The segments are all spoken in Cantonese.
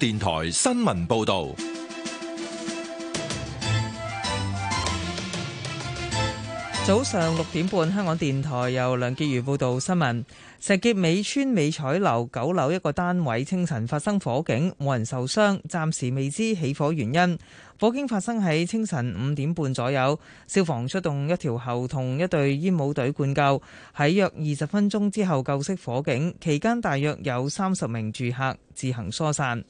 電台新聞報道，早上六點半，香港電台由梁潔如報道新聞。石硖尾村美彩樓九樓一個單位清晨發生火警，冇人受傷，暫時未知起火原因。火警發生喺清晨五點半左右，消防出動一條喉同一隊煙帽隊灌救，喺約二十分鐘之後救熄火警。期間大約有三十名住客自行疏散。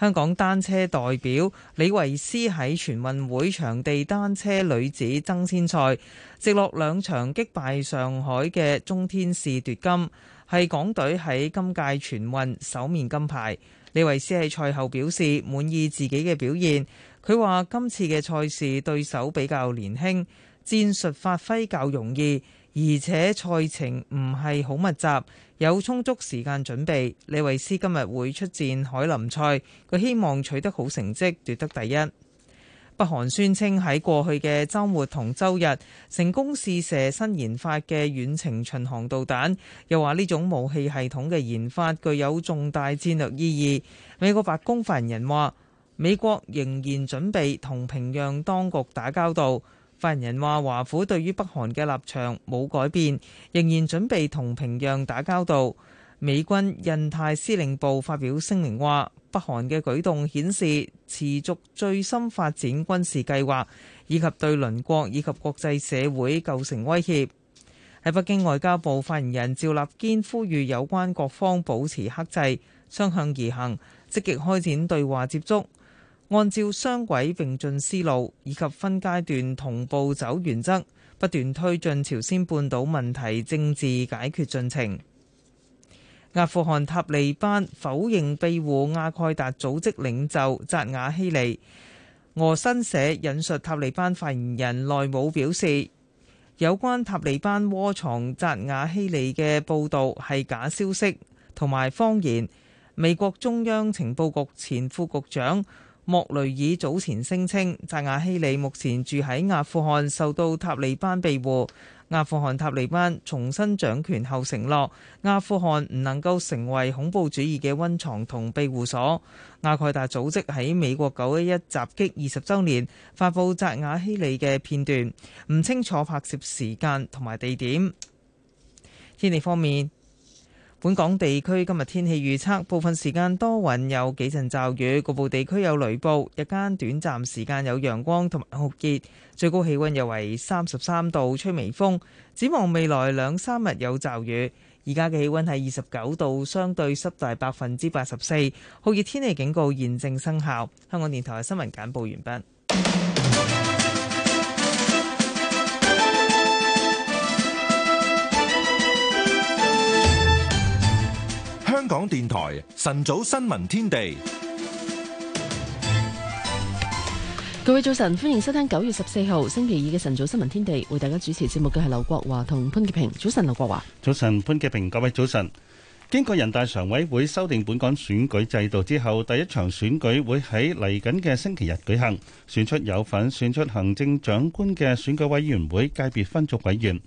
香港單車代表李慧詩喺全運會場地單車女子爭先賽直落兩場擊敗上海嘅鍾天使奪金，係港隊喺今屆全運首面金牌。李慧詩喺賽後表示滿意自己嘅表現，佢話今次嘅賽事對手比較年輕，戰術發揮較容易。而且賽程唔係好密集，有充足時間準備，李維斯今日會出戰海林賽，佢希望取得好成績，奪得第一。北韓宣稱喺過去嘅週末同週日成功試射新研發嘅遠程巡航導彈，又話呢種武器系統嘅研發具有重大戰略意義。美國白宮發言人話美國仍然準備同平壤當局打交道。發言人話：華府對於北韓嘅立場冇改變，仍然準備同平壤打交道。美軍印太司令部發表聲明話，北韓嘅舉動顯示持續最新發展軍事計劃，以及對鄰國以及國際社會構成威脅。喺北京外交部發言人趙立堅呼籲有關各方保持克制，相向而行，積極開展對話接觸，按照雙軌並進思路以及分階段同步走原則，不斷推進朝鮮半島問題政治解決進程。阿富汗塔利班否認庇護阿蓋達組織領袖扎瓦希利。俄新社引述塔利班發言人奈姆表示，有關塔利班窩藏扎瓦希利嘅報導係假消息同埋謊言。美國中央情報局前副局長莫雷爾早前聲稱，扎瓦希里目前住喺阿富汗，受到塔利班庇護。阿富汗塔利班重新掌權後承諾，阿富汗唔能夠成為恐怖主義嘅溫床同庇護所。阿蓋達組織喺美國九一一襲擊二十週年發佈扎瓦希里嘅片段，唔清楚拍攝時間同埋地點。天氣方面。本港地區今日天氣預測，部分時間多雲有幾陣驟雨，局部地區有雷暴。日間短暫時間有陽光同埋酷熱，最高氣温約為三十三度，吹微風。展望未來兩三日有驟雨。而家嘅氣温係二十九度，相對濕度百分之八十四，酷熱天氣警告現正生效。香港電台新聞簡報完畢。港電台晨早新聞天地，各位早晨，歡迎收聽九月十四號星期二嘅晨早新聞天地，為大家主持節目嘅係劉國華同潘潔平。早晨，劉國華，早晨，潘潔平，各位早晨。經過人大常委會修訂本港選舉制度之後，第一場選舉會喺嚟緊嘅星期日舉行，選出有份選出行政長官嘅選舉委員會界別分組委員，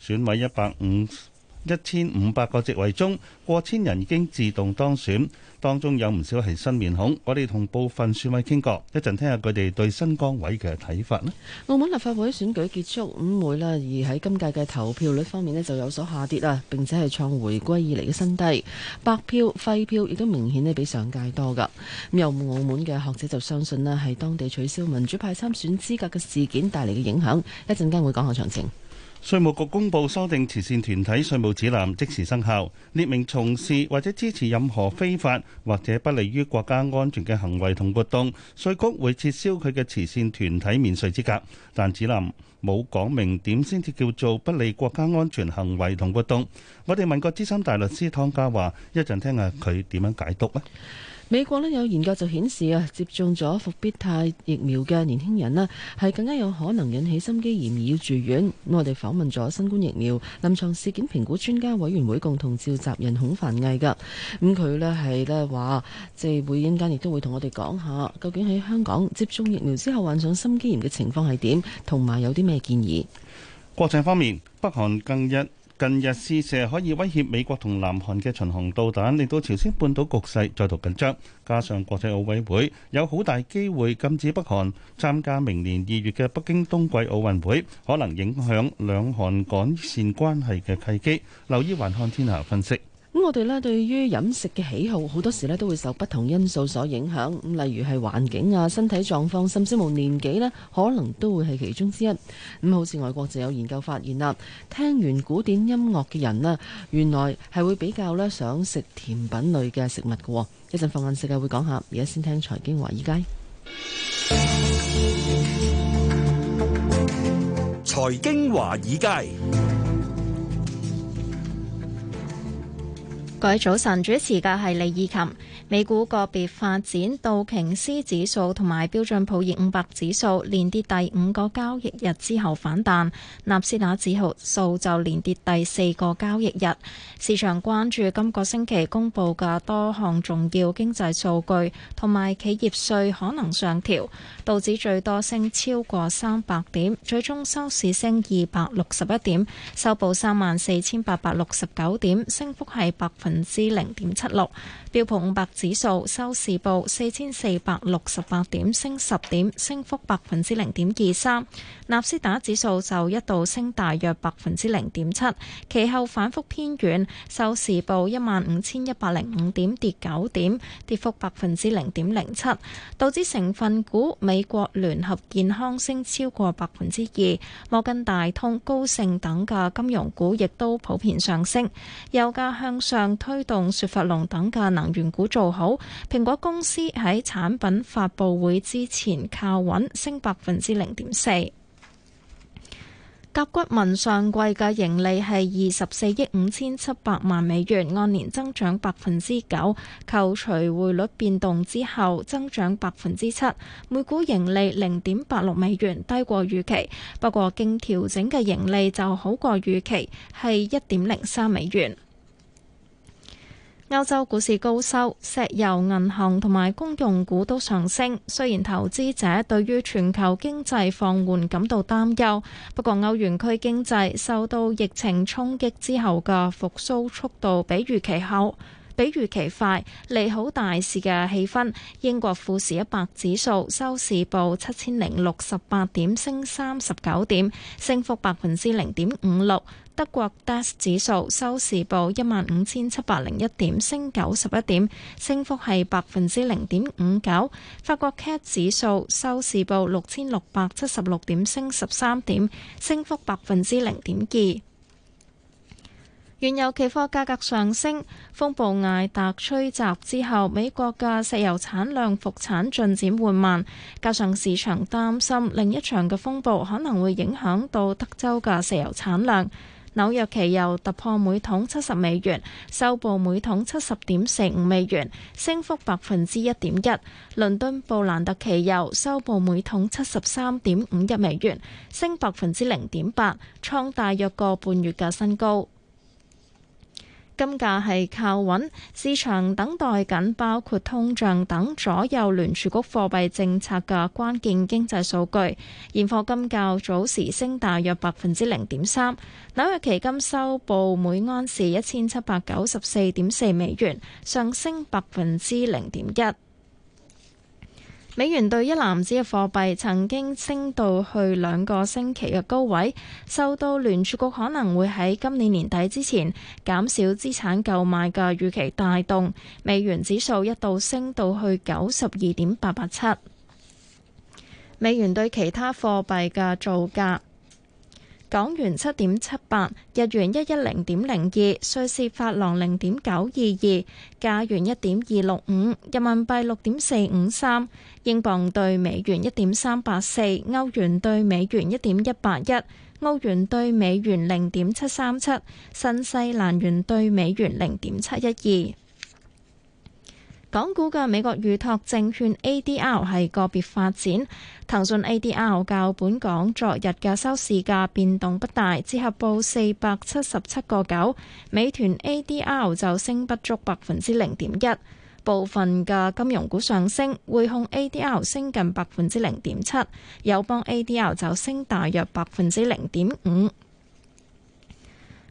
選委一百五。一千五百個席位中，過千人已經自動當選，當中有唔少係新面孔。我哋同部分選委傾過，一陣聽下佢哋對新崗位嘅睇法呢。澳門立法會選舉結束五會啦，而喺今屆嘅投票率方面呢，就有所下跌喇，並且係創回歸以嚟嘅新低。白票、廢票亦都明顯呢比上屆多噶。咁有澳門嘅學者就相信呢係當地取消民主派參選資格嘅事件帶嚟嘅影響。一陣間會講下詳情。稅務局公布修訂慈善團體稅務指南，即時生效。列明從事或者支持任何非法或者不利於國家安全嘅行為同活動，稅局會撤銷佢嘅慈善團體免稅資格。但指南冇講明點先至叫做不利國家安全行為同活動。我哋問過資深大律師湯家驊，一陣聽下佢點樣解讀呢。美國咧有研究就顯示啊，接種咗復必泰疫苗嘅年輕人咧、啊，係更加有可能引起心肌炎而要住院。咁我哋訪問咗新冠疫苗臨床事件評估專家委員會共同召集人孔繁毅噶。咁佢咧係咧話，即係陣間亦都會同我哋講下，究竟喺香港接種疫苗之後患上心肌炎嘅情況係點，同埋有啲咩建議。國際方面，北韓更一。近日試射可以威脅美國同南韓嘅巡航導彈令到朝鮮半島局勢再度緊張，加上國際奧委會有好大機會禁止北韓參加明年二月嘅北京冬季奧運會，可能影響兩韓改善關係嘅契機，留意環看天下分析。咁我哋咧，對於飲食嘅喜好，好多時咧都會受不同因素所影響。咁例如係環境啊、身體狀況，甚至乎年紀咧，可能都會係其中之一。咁、嗯、好似外國就有研究發現啦，聽完古典音樂嘅人啊，原來係會比較咧想食甜品類嘅食物㗎。一陣放眼世界會講下，而家先聽財經華爾街。財經華爾街。各位早晨，主持嘅係李綺琴。美股個別發展，道瓊斯指數同埋標準普爾五百指數連跌第五個交易日之後反彈，納斯達指號數就連跌第四個交易日。市場關注今個星期公布嘅多項重要經濟數據同埋企業稅可能上調，道指最多升超過三百點，最終收市升二百六十一點，收報三萬四千八百六十九點，升幅係百分之零點七六。標普五百指數收市報4468點，升10點，升幅百分之零點二三。納斯達克指數就一度升大約百分之零點七，其後反覆偏軟，收市報15105點，跌9點，跌幅百分之零點零七。導致成分股美國聯合健康升超過百分之二，摩根大通、高盛等嘅金融股亦都普遍上升。油價向上推動雪佛龍等嘅能源股造。好，蘋果公司喺產品發佈會之前靠穩升百分之零點四。甲骨文上季嘅盈利係二十四億五千七百萬美元，按年增長百分之九，扣除匯率變動之後增長百分之七，每股盈利零點八六美元，低過預期。不過，經調整嘅盈利就好過預期，係一點零三美元。歐洲股市高收，石油、銀行同埋公用股都上升。雖然投資者對於全球經濟放緩感到擔憂，不過歐元區經濟受到疫情衝擊之後嘅復蘇速度比預期好。比預期快，利好大市嘅氣氛。英國富時一百指數收市報七千零六十八點，升三十九點，升幅百分之零點五六。德國 DAX 指數收市報一萬五千七百零一點，升九十一點，升幅係百分之零點五九。法國 CAC 指數收市報六千六百七十六點，升十三點，升幅百分之零點二。原油期貨價格上升，風暴艾達吹襲之後，美國嘅石油產量復產進展緩慢，加上市場擔心另一場嘅風暴可能會影響到德州嘅石油產量。紐約期油突破每桶七十美元，收報每桶七十點四五美元，升幅百分之一點一。倫敦布蘭特期油收報每桶七十三點五一美元，升百分之零點八，創大約個半月嘅新高。金價係靠穩，市場等待緊包括通脹等左右聯儲局貨幣政策嘅關鍵經濟數據。現貨金較早時升大約百分之零點三，紐約期金收報每安士一千七百九十四點四美元，上升百分之零點一。美元兌一籃子嘅貨幣曾經升到去兩個星期嘅高位，受到聯儲局可能會喺今年年底之前減少資產購買嘅預期帶動，美元指數一度升到去九十二點八八七。美元對其他貨幣嘅造價。港元七點七八，日元一一零點零二，瑞士法郎零點九二二，加元一點二六五，人民幣六點四五三，英鎊對美元一點三八四，歐元對美元一點一八一，澳元對美元零點七三七，新西蘭元對美元零點七一二。港股嘅美國預託證券 A D R 係個別發展，騰訊 A D R 較本港昨日嘅收市價變動不大，只合報四百七十七個九。美團 A D R 就升不足百分之零點一，部分嘅金融股上升，匯控 A D R 升近百分之零點七，友邦 A D R 就升大約百分之零點五。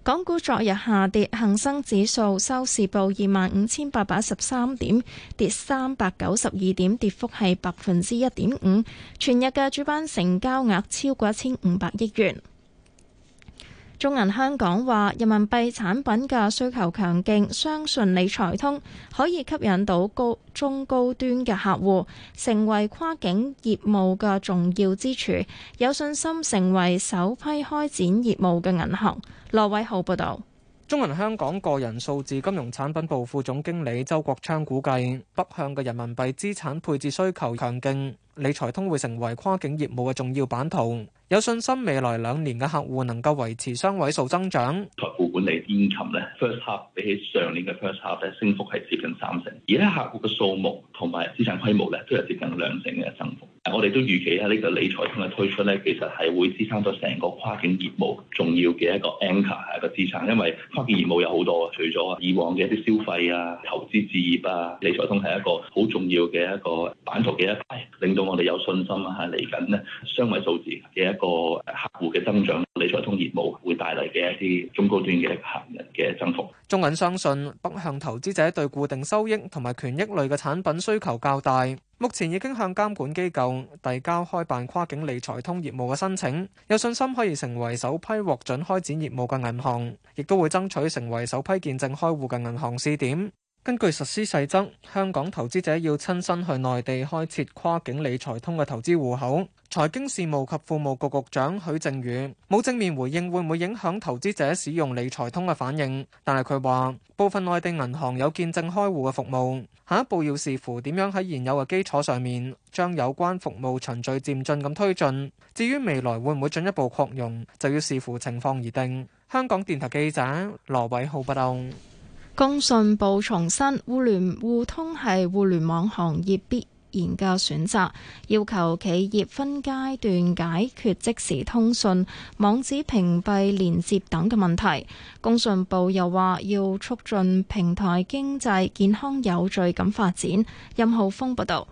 港股昨日下跌，恒生指數收市報二萬五千八百一十三點，跌三百九十二點，跌幅係百分之一點五。全日嘅主板成交額超過一千五百億元。中銀香港話：人民幣產品嘅需求強勁，相信理財通可以吸引到高中高端嘅客戶，成為跨境業務嘅重要支柱，有信心成為首批開展業務嘅銀行。羅偉浩報導。中銀香港個人數字金融產品部副總經理周國昌估計，北向嘅人民幣資產配置需求強勁。理財通會成為跨境業務嘅重要版圖，有信心未來兩年嘅客戶能夠維持雙位數增長。財富管理天琴咧，first half 比起上年嘅 first half 咧，升幅係接近三成，而喺客戶嘅數目同埋資產規模咧，都係接近兩成嘅增幅。我哋都預期喺、啊、呢、呢個理財通嘅推出咧，其實係會支撐咗成個跨境業務重要嘅一個 anchor 係個支撐，因為跨境業務有好多，除咗以往嘅一啲消費啊、投資、置業啊，理財通係一個好重要嘅一個版圖嘅一，令到我哋有信心啊，嚟緊呢，雙位數字嘅一個客戶嘅增長，理財通業務會帶嚟嘅一啲中高端嘅客人嘅增幅。中銀相信北向投資者對固定收益同埋權益類嘅產品需求較大，目前已經向監管機構遞交開辦跨境理財通業務嘅申請，有信心可以成為首批獲准開展業務嘅銀行，亦都會爭取成為首批見證開戶嘅銀行試點。根據實施細則，香港投資者要親身去內地開設跨境理財通嘅投資戶口。財經事務及庫務局局長許正宇冇正面回應會唔會影響投資者使用理財通嘅反應，但係佢話部分內地銀行有見證開戶嘅服務，下一步要視乎點樣喺現有嘅基礎上面將有關服務循序漸進咁推進。至於未來會唔會進一步擴容，就要視乎情況而定。香港電台記者羅偉浩報道。工信部重申，互聯互通係互聯網行業必然嘅選擇，要求企業分階段解決即時通訊網址屏蔽、連接等嘅問題，工信部又話要促進平台經濟健康有序咁發展。任浩峰報道。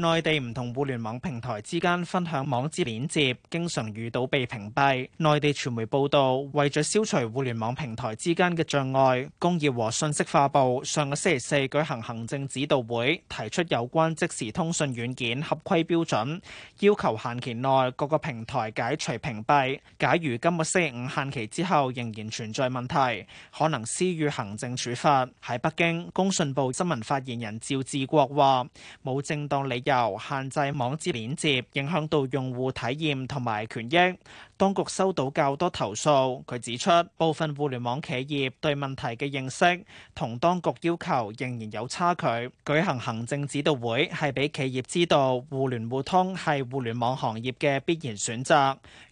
內地唔同互聯網平台之間分享網址鏈接，經常遇到被屏蔽。內地傳媒報道，為咗消除互聯網平台之間嘅障礙，工業和信息化部上個星期四舉行行政指導會，提出有關即時通訊軟件合規標準，要求限期內各個平台解除屏蔽。假如今個星期五限期之後仍然存在問題，可能施予行政處罰。喺北京，工信部新聞發言人趙志國話：冇正當理由限制網址鏈接，影響到用戶體驗同埋權益。當局收到較多投訴，佢指出部分互聯網企業對問題嘅認識同當局要求仍然有差距。舉行行政指導會係俾企業知道，互聯互通係互聯網行業嘅必然選擇。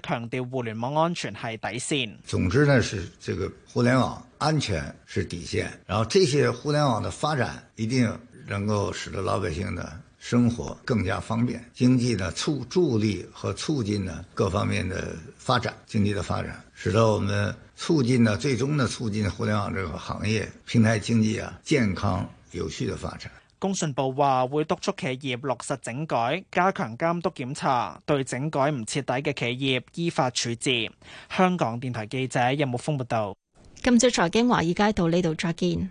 強調互聯網安全是底線。總之呢，是這個互聯網安全是底線。然後這些互聯網的發展一定能夠使得老百姓呢生活更加方便，經濟呢促助力和促進呢各方面的發展，經濟的發展，使得我們促進呢最終呢促進互聯網這個行業平台經濟啊健康有序的發展。工信部話會督促企業落實整改，加強監督檢查，對整改唔徹底嘅企業依法處置。香港電台記者任木峰報道。今朝財經華爾街到呢度再見。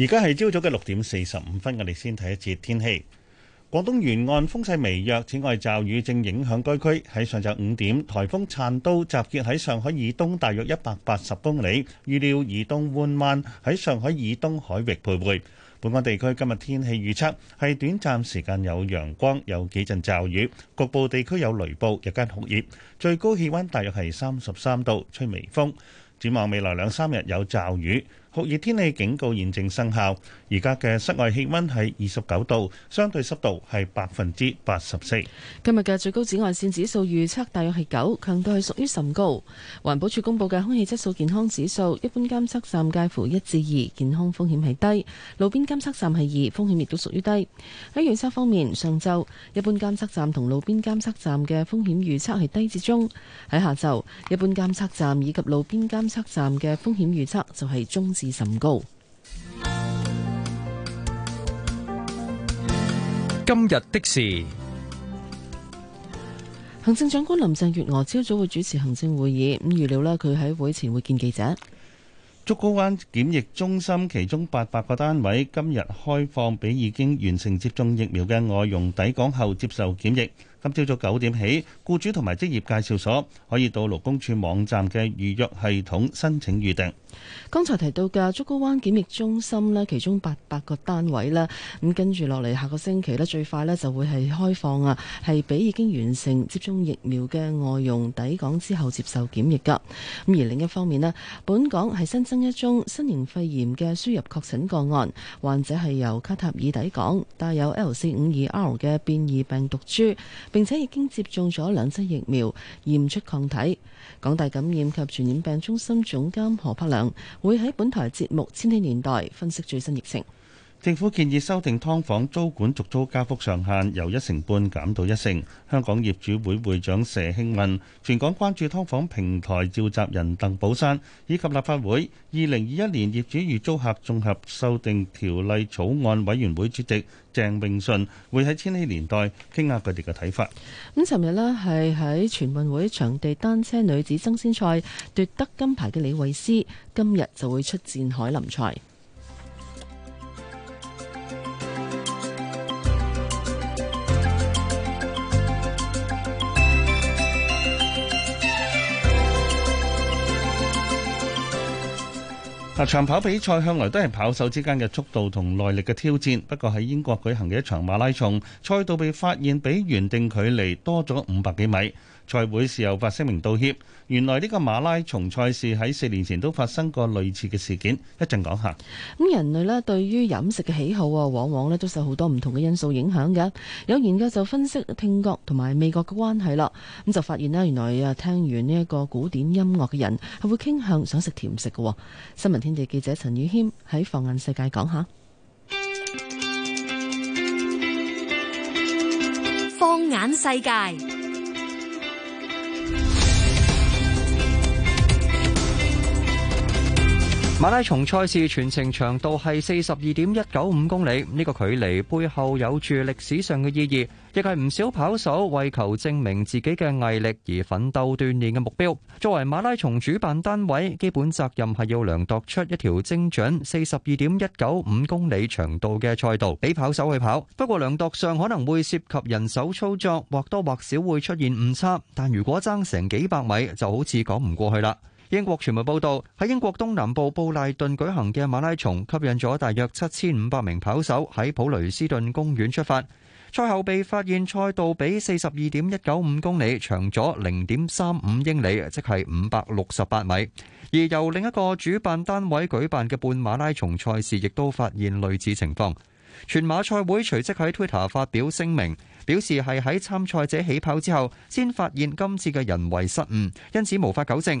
而家係朝早嘅六點四十五分，我哋先睇一節天氣。廣東沿岸風勢微弱，此外驟雨正影響該區。喺上晝五點，台風燦都集結喺上海以東大約一百八十公里，預料移動緩慢，喺上海以東海域徘徊。本港地區今日天氣預測係短暫時間有陽光，有幾陣驟雨，局部地區有雷暴，日間酷熱，最高氣溫大約係三十三度，吹微風。展望未來兩三日有驟雨。酷熱天氣警告現正生效，而家嘅室外氣溫係二十九度，相對濕度係百分之八十四。今日嘅最高紫外線指數預測大約係九，強度係屬於甚高。環保署公布嘅空氣質素健康指數，一般監測站介乎一至二，健康風險係低；路邊監測站係二，風險亦都屬於低。喺預測方面，上晝一般監測站同路邊監測站嘅風險預測係低至中；喺下晝，一般監測站以及路邊監測站嘅風險預測就係中。是甚高？今日的事，行政長官林鄭月娥朝早會主持行政會議，咁預料啦，佢喺會前會見記者。竹篙灣檢疫中心其中八百個單位今日開放俾已經完成接種疫苗嘅外傭抵港後接受檢疫。今朝早九點起，僱主同埋職業介紹所可以到勞工處網站嘅預約系統申請預訂。剛才提到嘅竹篙灣檢疫中心呢，其中八百個單位咧，咁跟住落嚟下個星期呢，最快呢就會係開放啊，係俾已經完成接種疫苗嘅外傭抵港之後接受檢疫噶咁而另一方面呢，本港係新增一宗新型肺炎嘅輸入確診個案，患者係由卡塔爾抵港，帶有 L 四五二 R 嘅變異病毒株，並且已經接種咗兩劑疫苗，驗出抗體。港大感染及傳染病中心總監何柏良會喺本台節目《千禧年代》分析最新疫情。政府建議修訂劏房租管續租加幅上限，由一成半減到一成。香港業主會會長佘慶文、全港關注劏房平台召集人鄧寶山，以及立法會二零二一年業主與租客綜合修訂條例草案委員會主席鄭泳舜，會喺千禧年代傾下佢哋嘅睇法。咁，尋日咧係喺全運會場地單車女子爭先賽奪得金牌嘅李慧詩，今日就會出戰凱林賽。嗱，長跑比賽向來都係跑手之間嘅速度同耐力嘅挑戰。不過喺英國舉行嘅一場馬拉松，賽道被發現比原定距離多咗五百幾米。賽會事後發聲明道歉。原來呢個馬拉松賽事喺四年前都發生過類似嘅事件，一陣講下。咁人類呢對於飲食嘅喜好啊，往往呢都受好多唔同嘅因素影響嘅。有研究就分析聽覺同埋味覺嘅關係啦。咁就發現啦，原來啊聽完呢一個古典音樂嘅人係會傾向想食甜食嘅。新聞天地記者陳宇謙喺放眼世界講下。放眼世界。馬拉松賽事全程長度係四十二點一九五公里，呢個距離背後有住歷史上嘅意義，亦係唔少跑手為求證明自己嘅毅力而奮鬥鍛煉嘅目標。作為馬拉松主辦單位，基本責任係要量度出一條精準四十二點一九五公里長度嘅賽道俾跑手去跑。不過量度上可能會涉及人手操作，或多或少會出現誤差。但如果爭成幾百米，就好似講唔過去啦。英國傳媒報道，喺英國東南部布賴頓舉行嘅馬拉松吸引咗大約七千五百名跑手喺普雷斯頓公園出發。賽後被發現賽道比四十二點一九五公里長咗零點三五英里，即係五百六十八米。而由另一個主辦單位舉辦嘅半馬拉松賽事，亦都發現類似情況。全馬賽會隨即喺 Twitter 發表聲明，表示係喺參賽者起跑之後先發現今次嘅人為失誤，因此無法糾正。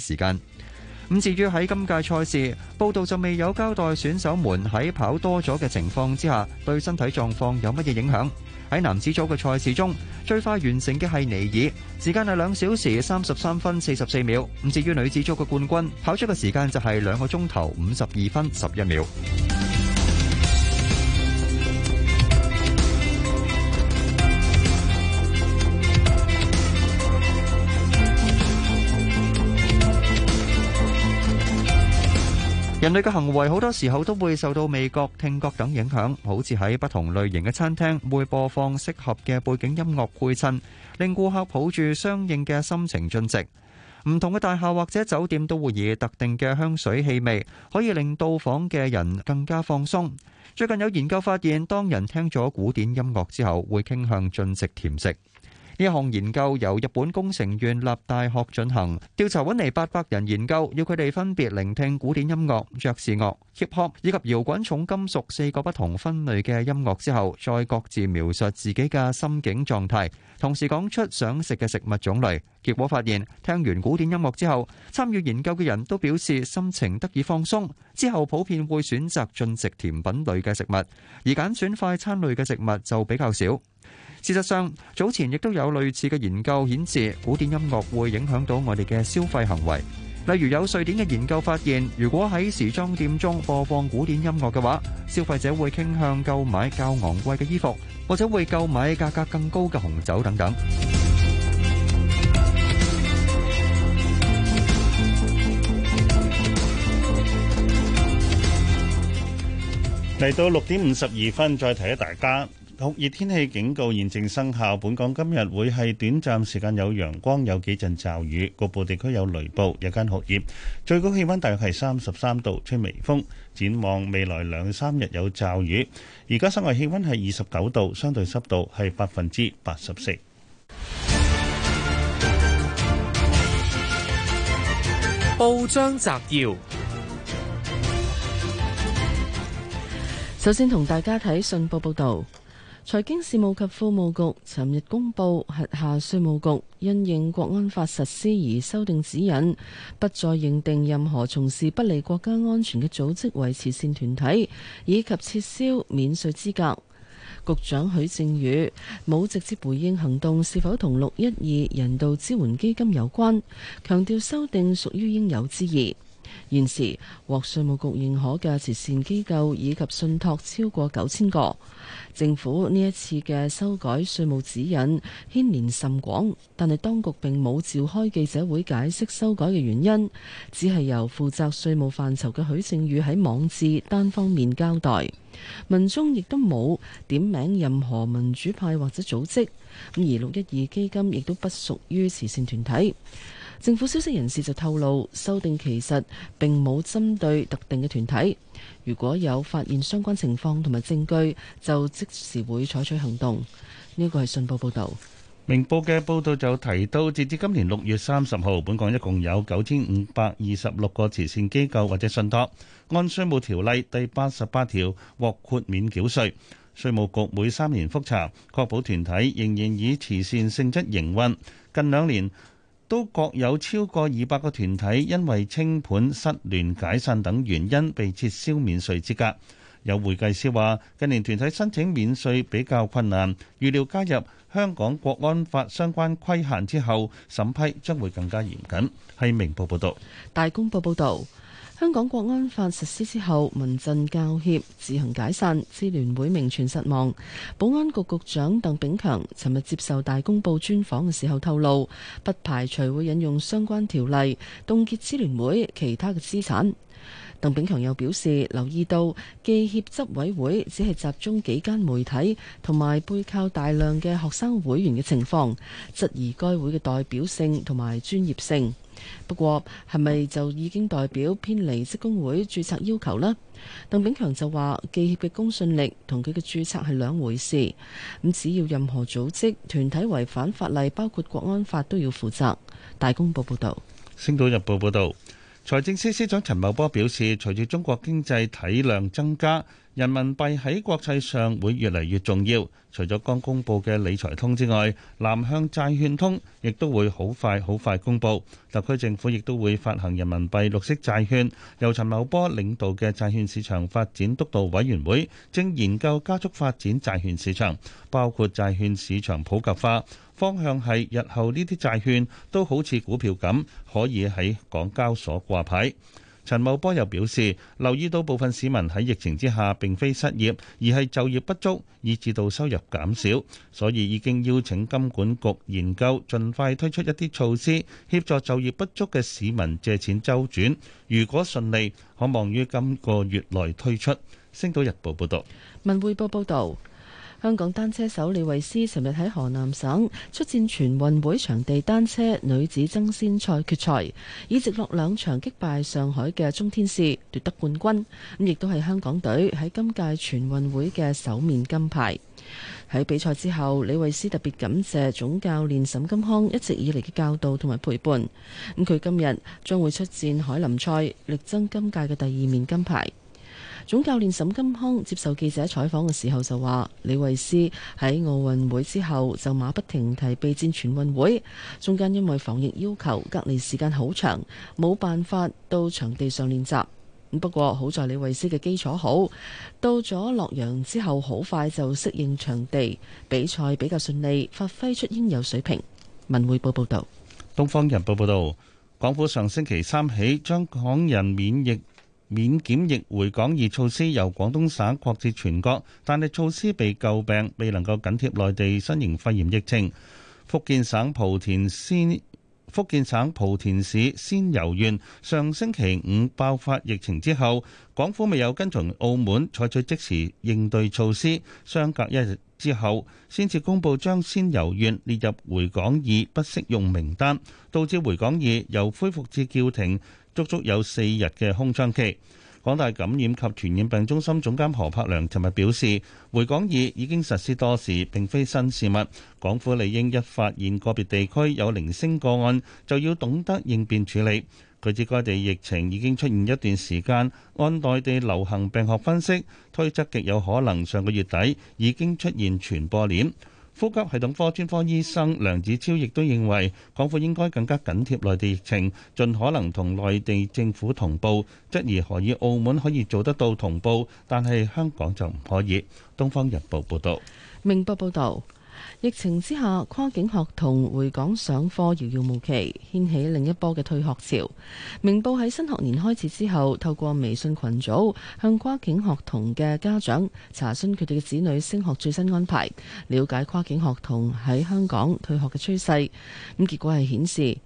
時間。咁至於喺今屆賽事，報道就未有交代選手們喺跑多咗嘅情況之下，對身體狀況有乜嘢影響。喺男子組嘅賽事中，最快完成嘅係尼爾，時間係兩小時三十三分四十四秒。咁至於女子組嘅冠軍，跑出嘅時間就係兩個鐘頭五十二分十一秒。人類嘅行為好多時候都會受到味覺、聽覺等影響，好似喺不同類型嘅餐廳，會播放適合嘅背景音樂配襯，令顧客抱住相應嘅心情進食。唔同嘅大廈或者酒店都會以特定嘅香水氣味，可以令到訪嘅人更加放鬆。最近有研究發現，當人聽咗古典音樂之後，會傾向進食甜食。呢項研究由日本工程院立大學進行調查，揾嚟八百人研究，要佢哋分別聆聽古典音樂、爵士樂、hip hop 以及搖滾、重金屬四個不同分類嘅音樂之後，再各自描述自己嘅心境狀態，同時講出想食嘅食物種類。結果發現，聽完古典音樂之後，參與研究嘅人都表示心情得以放鬆，之後普遍會選擇進食甜品類嘅食物，而揀選快餐類嘅食物就比較少。事實上，早前亦都有類似嘅研究顯示，古典音樂會影響到我哋嘅消費行為。例如，有瑞典嘅研究發現，如果喺時裝店中播放古典音樂嘅話，消費者會傾向購買較昂貴嘅衣服，或者會購買價格更高嘅紅酒等等。嚟到六點五十二分，再提醒大家。酷熱天氣警告，現正生效，本港今日會係短暫時間有陽光，有幾陣驟雨，局部地區有雷暴，有間酷熱，最高氣温大約係三十三度，吹微風。展望未來兩三日有驟雨，而家室外氣温係二十九度，相對濕度係百分之八十四。報章摘要，首先同大家睇信報報道。財經事務及庫務局尋日公布，轄下稅務局因應國安法實施而修訂指引，不再認定任何從事不利國家安全嘅組織為慈善團體，以及撤銷免稅資格。局長許正宇冇直接回應行動是否同六一二人道支援基金有關，強調修訂屬於應有之義。現時獲稅務局認可嘅慈善機構以及信託超過九千個。政府呢一次嘅修改稅務指引牽連甚廣，但係當局並冇召開記者會解釋修改嘅原因，只係由負責稅務範疇嘅許正宇喺網誌單方面交代。文中亦都冇點名任何民主派或者組織。而六一二基金亦都不屬於慈善團體。政府消息人士就透露，修訂其實並冇針對特定嘅團體。如果有發現相關情況同埋證據，就即時會採取行動。呢個係信報報導。明報嘅報導就提到，截至今年六月三十號，本港一共有九千五百二十六個慈善機構或者信託，按稅務條例第八十八條獲豁免繳稅。稅務局每三年覆查，確保團體仍然以慈善性質營運。近兩年，都各有超過二百個團體，因為清盤、失聯、解散等原因被撤銷免稅資格。有會計師話：近年團體申請免稅比較困難，預料加入香港國安法相關規限之後，審批將會更加嚴謹。係明報報導，大公報報導。香港國安法實施之後，民陣教協自行解散，支聯會名存實亡。保安局局長鄧炳強尋日接受《大公報》專訪嘅時候透露，不排除會引用相關條例，凍結支聯會其他嘅資產。鄧炳強又表示留意到記協執委會只係集中幾間媒體同埋背靠大量嘅學生會員嘅情況，質疑該會嘅代表性同埋專業性。不過係咪就已經代表偏離職工會註冊要求呢？鄧炳強就話記協嘅公信力同佢嘅註冊係兩回事。咁只要任何組織團體違反法例，包括國安法，都要負責。大公報報道。《星島日報》報道。財政司司長陳茂波表示，隨住中國經濟體量增加，人民幣喺國際上會越嚟越重要。除咗剛公布嘅理財通之外，南向債券通亦都會好快好快公布。特區政府亦都會發行人民幣綠色債券。由陳茂波領導嘅債券市場發展督導委員會正研究加速發展債券市場，包括債券市場普及化。方向係日後呢啲債券都好似股票咁，可以喺港交所掛牌。陳茂波又表示，留意到部分市民喺疫情之下並非失業，而係就業不足，以致到收入減少。所以已經邀請金管局研究，盡快推出一啲措施協助就業不足嘅市民借錢周轉。如果順利，可望於今個月內推出。星島日報報道。文匯報報道。香港單車手李慧詩尋日喺河南省出戰全運會場地單車女子爭先賽決賽，以直落兩場擊敗上海嘅鍾天使奪得冠軍，咁亦都係香港隊喺今屆全運會嘅首面金牌。喺比賽之後，李慧詩特別感謝總教練沈金康一直以嚟嘅教導同埋陪伴。咁佢今日將會出戰海林賽，力爭今屆嘅第二面金牌。總教練沈金康接受記者採訪嘅時候就話：李慧詩喺奧運會之後就馬不停蹄備戰全運會，中間因為防疫要求隔離時間好長，冇辦法到場地上練習。不過好在李慧詩嘅基礎好，到咗洛陽之後好快就適應場地，比賽比較順利，發揮出應有水平。文匯報報道。《東方日報》報道，港府上星期三起將港人免疫。免檢疫回港易措施由廣東省擴至全國，但係措施被詬病，未能夠緊貼內地新型肺炎疫情。福建省莆田先，福建省莆田市仙遊縣上星期五爆發疫情之後，港府未有跟從澳門採取即時應對措施，相隔一日之後先至公佈將仙遊縣列入回港易不適用名單，導致回港易由恢復至叫停。足足有四日嘅空窗期。港大感染及傳染病中心總監何柏良尋日表示，回港已已經實施多時，並非新事物。港府理應一發現個別地區有零星個案，就要懂得應變處理。據知該地疫情已經出現一段時間，按內地流行病學分析推測極有可能上個月底已經出現傳播鏈。呼吸系統科專科醫生梁子超亦都認為，港府應該更加緊貼內地疫情，盡可能同內地政府同步。質疑何以澳門可以做得到同步，但係香港就唔可以。《東方日報》報道。《明報》報道。疫情之下，跨境學童回港上課遙遙無期，掀起另一波嘅退學潮。明報喺新學年開始之後，透過微信群組向跨境學童嘅家長查詢佢哋嘅子女升學最新安排，了解跨境學童喺香港退學嘅趨勢。咁結果係顯示。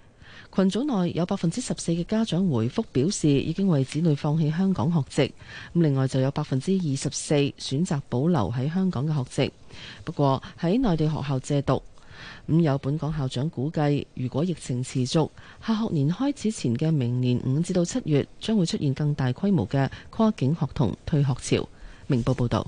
群組內有百分之十四嘅家長回覆表示已經為子女放棄香港學籍，咁另外就有百分之二十四選擇保留喺香港嘅學籍。不過喺內地學校借讀，咁有本港校長估計，如果疫情持續，下學年開始前嘅明年五至到七月將會出現更大規模嘅跨境學童退學潮。明報報道。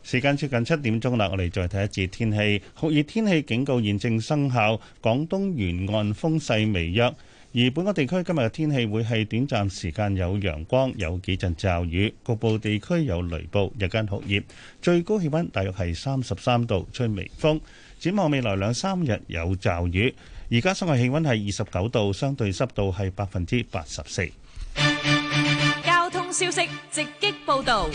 時間接近七點鐘啦，我哋再睇一次天氣。酷熱天氣警告現正生效，廣東沿岸風勢微弱。而本港地區今日嘅天氣會係短暫時間有陽光，有幾陣驟雨，局部地區有雷暴，日間酷熱，最高氣温大約係三十三度，吹微風。展望未來兩三日有驟雨。而家室外氣温係二十九度，相對濕度係百分之八十四。交通消息直擊報導。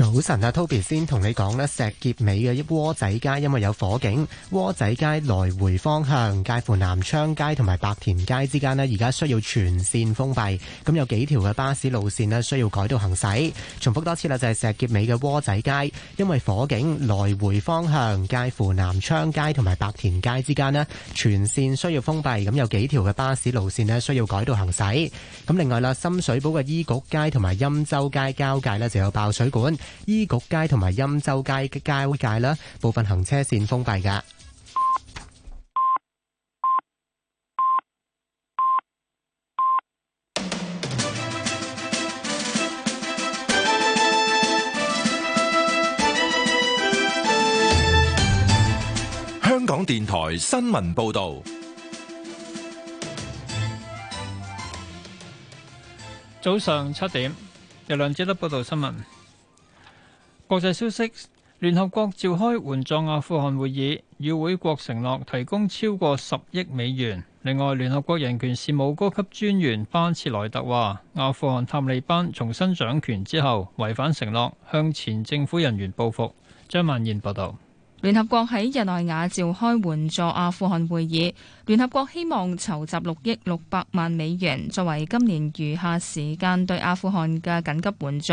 早晨啊，Toby 先同你講咧，石硖尾嘅一窩仔街因為有火警，窩仔街來回方向介乎南昌街同埋白田街之間呢，而家需要全線封閉。咁有幾條嘅巴士路線呢，需要改道行駛。重複多次啦，就係石硖尾嘅窩仔街，因為火警來回方向介乎南昌街同埋白田街之間呢，全線需要封閉。咁有幾條嘅巴士路線呢，需要改道行駛。咁另外啦，深水埗嘅醫局街同埋欽州街交界呢，就有爆水管。醫局街同埋欽州街嘅交界啦，部分行車線封閉噶。香港電台新聞報道，早上七點，由梁志德報道新聞。國際消息，聯合國召開援助阿富汗會議，與會國承諾提供超過十億美元。另外，聯合國人權事務高級專員班切萊特話，阿富汗塔利班重新掌權之後，違反承諾，向前政府人員報復。張曼燕報導。聯合國喺日內瓦召開援助阿富汗會議，聯合國希望籌集六億六百萬美元，作為今年餘下時間對阿富汗嘅緊急援助。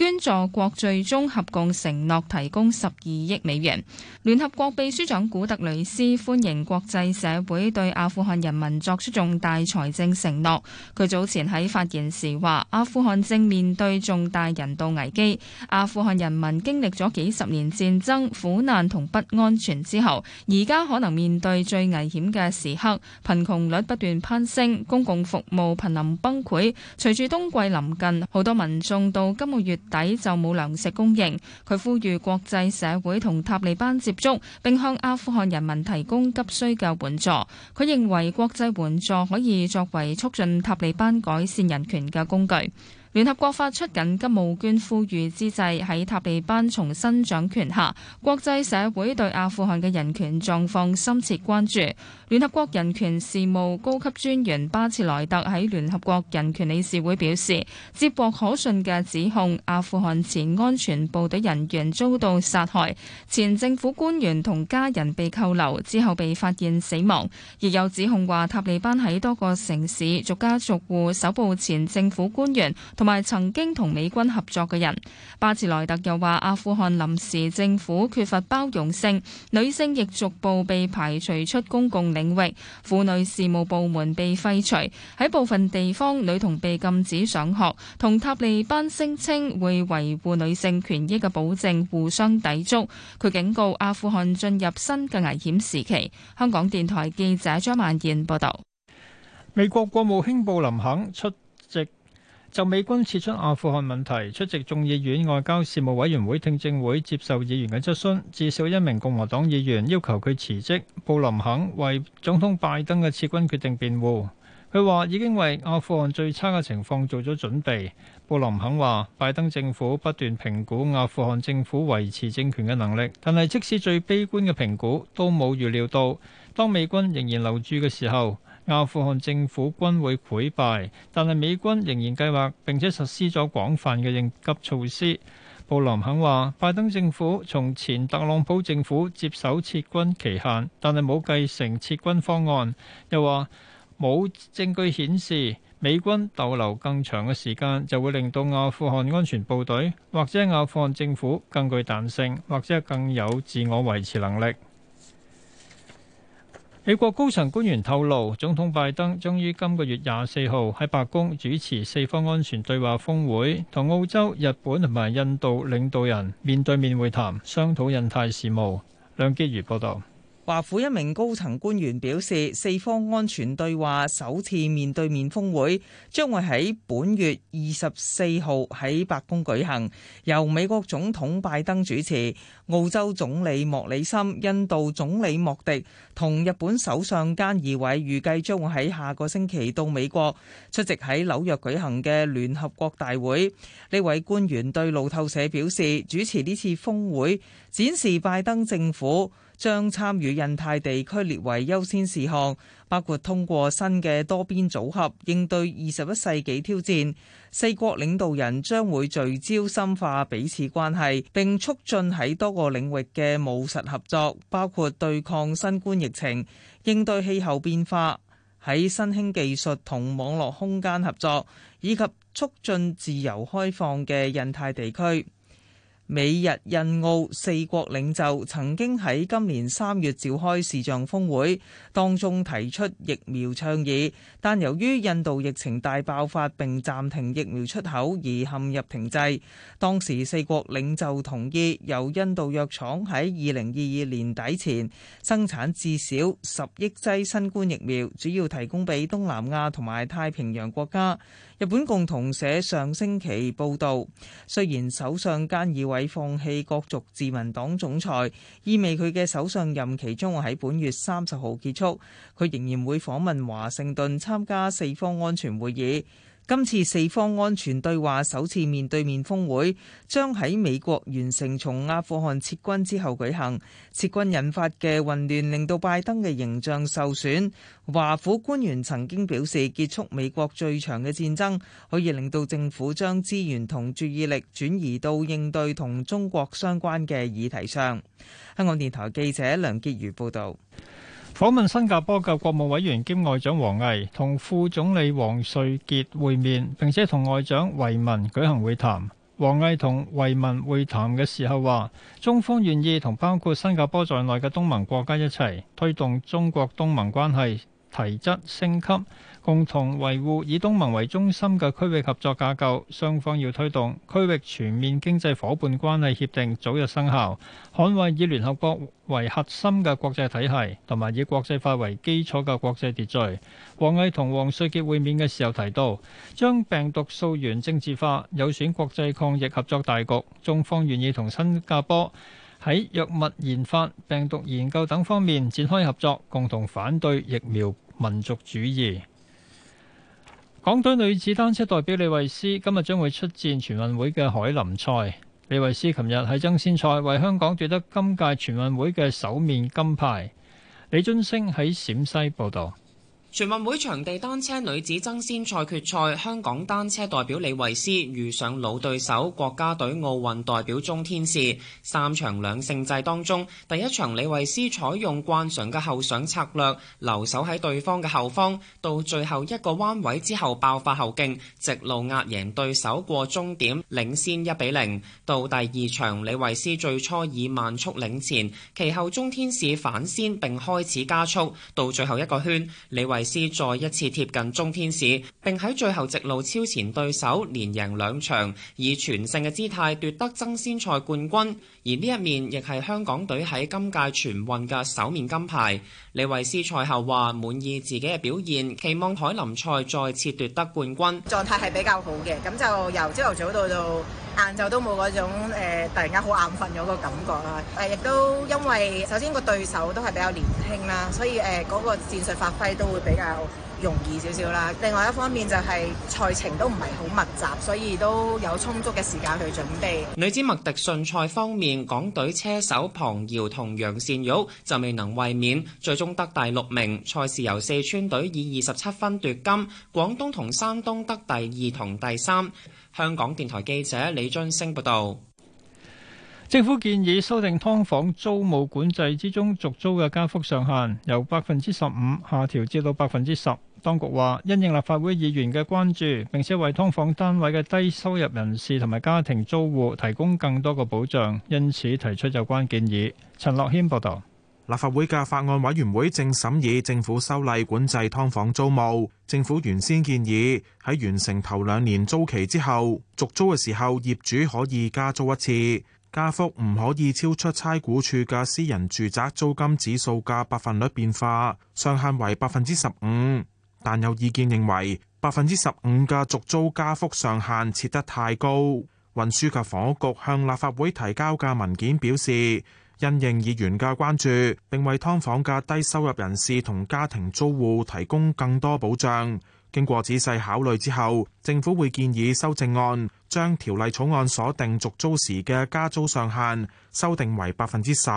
捐助國最終合共承諾提供十二億美元。聯合國秘書長古特雷斯歡迎國際社會對阿富汗人民作出重大財政承諾。佢早前喺發言時話：阿富汗正面對重大人道危機。阿富汗人民經歷咗幾十年戰爭、苦難同不安全之後，而家可能面對最危險嘅時刻。貧窮率不斷攀升，公共服務瀕臨崩潰。隨住冬季臨近，好多民眾到今個月底就冇糧食供應，佢呼籲國際社會同塔利班接觸，並向阿富汗人民提供急需嘅援助。佢認為國際援助可以作為促進塔利班改善人權嘅工具。聯合國發出緊急募捐呼籲之際，喺塔利班重新掌權下，國際社會對阿富汗嘅人權狀況深切關注。聯合國人權事務高級專員巴切萊特喺聯合國人權理事會表示，接獲可信嘅指控，阿富汗前安全部隊人員遭到殺害，前政府官員同家人被扣留之後被發現死亡。亦有指控話，塔利班喺多個城市逐家逐戶搜捕前政府官員。同埋曾經同美軍合作嘅人，巴茨萊特又話：阿富汗臨時政府缺乏包容性，女性亦逐步被排除出公共領域，婦女事務部門被廢除，喺部分地方女童被禁止上學，同塔利班聲稱會維護女性權益嘅保證互相抵觸。佢警告阿富汗進入新嘅危險時期。香港電台記者張曼燕報道。美國國務卿布林肯出就美軍撤出阿富汗問題出席眾議院外交事務委員會聽證會接受議員嘅質詢，至少一名共和黨議員要求佢辭職，布林肯為總統拜登嘅撤軍決定辯護，佢話已經為阿富汗最差嘅情況做咗準備，布林肯話拜登政府不斷評估阿富汗政府維持政權嘅能力，但係即使最悲觀嘅評估都冇預料到，當美軍仍然留駐嘅時候，阿富汗政府軍會潰敗，但係美軍仍然計劃並且實施咗廣泛嘅應急措施。布林肯話：拜登政府從前特朗普政府接手撤軍期限，但係冇繼承撤軍方案。又話冇證據顯示美軍逗留更長嘅時間就會令到阿富汗安全部隊或者阿富汗政府更具彈性或者更有自我維持能力。美國高層官員透露，總統拜登將於今個月廿四號喺白宮主持四方安全對話峰會，同澳洲、日本同埋印度領導人面對面會談，商討印太事務。梁潔如報道。華府一名高層官員表示，四方安全對話首次面對面峰會將會喺本月二十四號喺白宮舉行，由美國總統拜登主持。澳洲總理莫里森、印度總理莫迪同日本首相菅義偉預計將會喺下個星期到美國出席喺紐約舉行嘅聯合國大會。呢位官員對路透社表示，主持呢次峰會展示拜登政府將參與印太地區列為優先事項，包括通過新嘅多邊組合，應對二十一世紀挑戰。四國領導人將會聚焦深化彼此關係，並促進喺多個領域嘅務實合作，包括對抗新冠疫情、應對氣候變化、喺新興技術同網絡空間合作，以及促進自由開放嘅印太地區。美日印澳四國領袖曾經喺今年三月召開視像峰會當中提出疫苗倡議，但由於印度疫情大爆發並暫停疫苗出口而陷入停滯，當時四國領袖同意由印度藥廠喺二零二二年底前生產至少十億劑新冠疫苗，主要提供俾東南亞同埋太平洋國家。日本共同社上星期報道，雖然首相菅義偉放棄角逐自民黨總裁，意味佢嘅首相任期將會喺本月三十號結束。佢仍然會訪問華盛頓參加四方安全會議。今次四方安全對話首次面對面峰會將喺美國完成從阿富汗撤軍之後舉行。撤軍引發嘅混亂令到拜登嘅形象受損。華府官員曾經表示，結束美國最長嘅戰爭可以令到政府將資源同注意力轉移到應對同中國相關嘅議題上。香港電台記者梁潔如報導。訪問新加坡嘅國務委員兼外長王毅同副總理王瑞杰會面，並且同外長維文舉行會談。王毅同維文會談嘅時候話，中方願意同包括新加坡在內嘅東盟國家一齊推動中國東盟關係。提質升級，共同維護以東盟為中心嘅區域合作架構，雙方要推動區域全面經濟夥伴關係協定早日生效，捍衛以聯合國為核心嘅國際體系同埋以，以國際法為基礎嘅國際秩序。王毅同王瑞杰會面嘅時候提到，將病毒溯源政治化有損國際抗疫合作大局，中方願意同新加坡。喺藥物研發、病毒研究等方面展開合作，共同反對疫苗民族主義。港隊女子單車代表李慧詩今日將會出戰全運會嘅海林賽。李慧詩琴日喺爭先賽為香港奪得今屆全運會嘅首面金牌。李津星喺陝西報導。全運會場地單車女子爭先賽決賽，香港單車代表李慧詩遇上老對手國家隊奧運代表鐘天使，三場兩勝制當中，第一場李慧詩採用慣常嘅後上策略，留守喺對方嘅後方，到最後一個彎位之後爆發後勁，直路壓贏對手過終點，領先一比零。到第二場，李慧詩最初以慢速領前，其後鐘天使反先并開始加速，到最後一個圈，李慧李慧詩再一次貼近鍾天使，並喺最後直路超前對手，連贏兩場，以全勝嘅姿態奪得爭先賽冠軍。而呢一面亦係香港隊喺今屆全運嘅首面金牌。李慧詩賽後話滿意自己嘅表現，期望凱林賽再次奪得冠軍。狀態係比較好嘅，咁就由朝頭早到到晏晝都冇嗰種誒、呃、突然間好眼瞓嗰個感覺。啦、呃。誒，亦都因為首先個對手都係比較年輕啦，所以誒嗰、呃那個戰術發揮都會。比較容易少少啦。另外一方面就係賽程都唔係好密集，所以都有充足嘅時間去準備。女子麥迪遜賽方面，港隊車手龐瑤同楊善玉就未能衛冕，最終得第六名。賽事由四川隊以二十七分奪金，廣東同山東得第二同第三。香港電台記者李津星報道。政府建議修訂㓥房租務管制之中續租嘅加幅上限，由百分之十五下調至到百分之十。當局話，因應立法會議員嘅關注，並且為㓥房單位嘅低收入人士同埋家庭租戶提供更多嘅保障，因此提出有關建議。陳樂謙報道。立法會嘅法案委員會正審議政府修例管制㓥房租務。政府原先建議喺完成頭兩年租期之後續租嘅時候，業主可以加租一次。加幅唔可以超出差估處嘅私人住宅租金指數嘅百分率變化上限為百分之十五，但有意見認為百分之十五嘅續租加幅上限設得太高。運輸及房屋局向立法會提交嘅文件表示，因應議員嘅關注，並為㓥房嘅低收入人士同家庭租戶提供更多保障。經過仔細考慮之後，政府會建議修正案，將條例草案所定續租時嘅加租上限修訂為百分之十。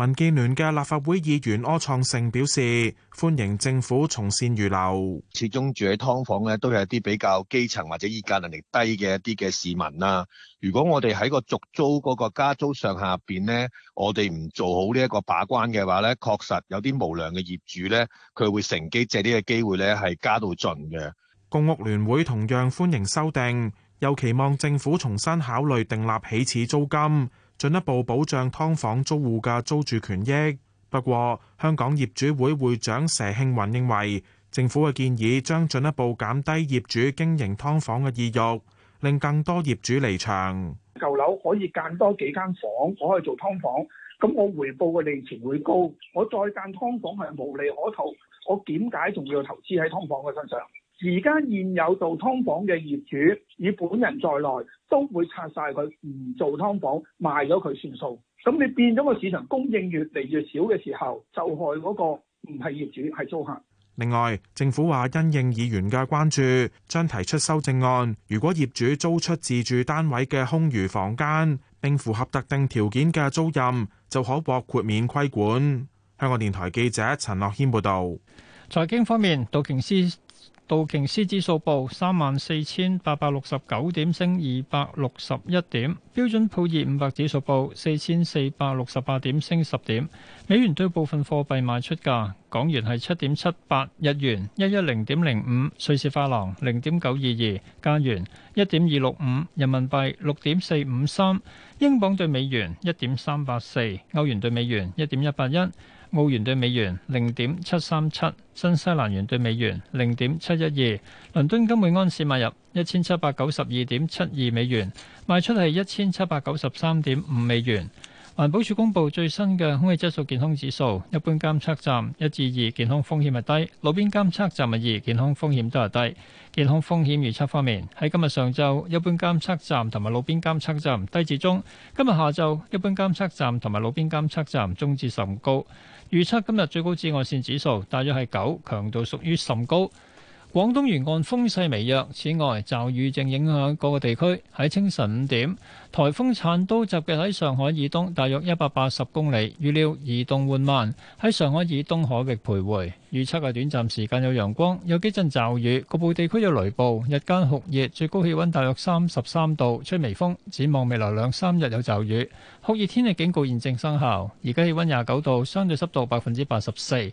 民建聯嘅立法會議員柯創盛表示，歡迎政府從善如流。始終住喺㓥房咧，都係一啲比較基層或者依家能力低嘅一啲嘅市民啦。如果我哋喺個續租嗰個加租上下邊呢，我哋唔做好呢一個把關嘅話呢，確實有啲無良嘅業主呢，佢會乘機借呢個機會呢，係加到盡嘅。公屋聯會同樣歡迎修訂，又期望政府重新考慮訂立起始租金。進一步保障劏房租戶嘅租住權益。不過，香港業主會會長佘慶雲認為，政府嘅建議將進一步減低業主經營劏房嘅意欲，令更多業主離場。舊樓可以間多幾間房，我可以做劏房，咁我回報嘅利錢會高。我再間劏房係無利可圖，我點解仲要投資喺劏房嘅身上？而家現有做劏房嘅業主，以本人在內都會拆晒佢，唔做劏房賣咗佢算數。咁你變咗個市場供應越嚟越少嘅時候，就害嗰個唔係業主係租客。另外，政府話因應議員嘅關注，將提出修正案。如果業主租出自住單位嘅空餘房間，並符合特定條件嘅租賃，就可獲豁免規管。香港電台記者陳樂謙報道。財經方面，道瓊斯。道瓊斯指數報三萬四千八百六十九點，升二百六十一點。標準普爾五百指數報四千四百六十八點，升十點。美元對部分貨幣賣出價：港元係七點七八，日元一一零點零五，瑞士法郎零點九二二，加元一點二六五，人民幣六點四五三，英鎊對美元一點三八四，歐元對美元一點一八一。澳元兌美元零點七三七，新西蘭元兌美元零點七一二。倫敦金每安士買入一千七百九十二點七二美元，賣出係一千七百九十三點五美元。環保署公布最新嘅空氣質素健康指數，一般監測站一至二健康風險係低，路邊監測站係二健康風險都係低。健康風險預測方面，喺今日上晝一般監測站同埋路邊監測站低至中，今日下晝一般監測站同埋路邊監測站中至甚高。預測今日最高紫外線指數大約係九，強度屬於甚高。廣東沿岸風勢微弱，此外，驟雨正影響各個地區。喺清晨五點，颱風燦都集結喺上海以東大約一百八十公里，預料移動緩慢。喺上海以東海域徘徊，預測係短暫時間有陽光，有幾陣驟雨，局部地區有雷暴。日間酷熱，最高氣溫大約三十三度，吹微風。展望未來兩三日有驟雨。酷熱天氣警告現正生效，而家氣溫廿九度，相對濕度百分之八十四。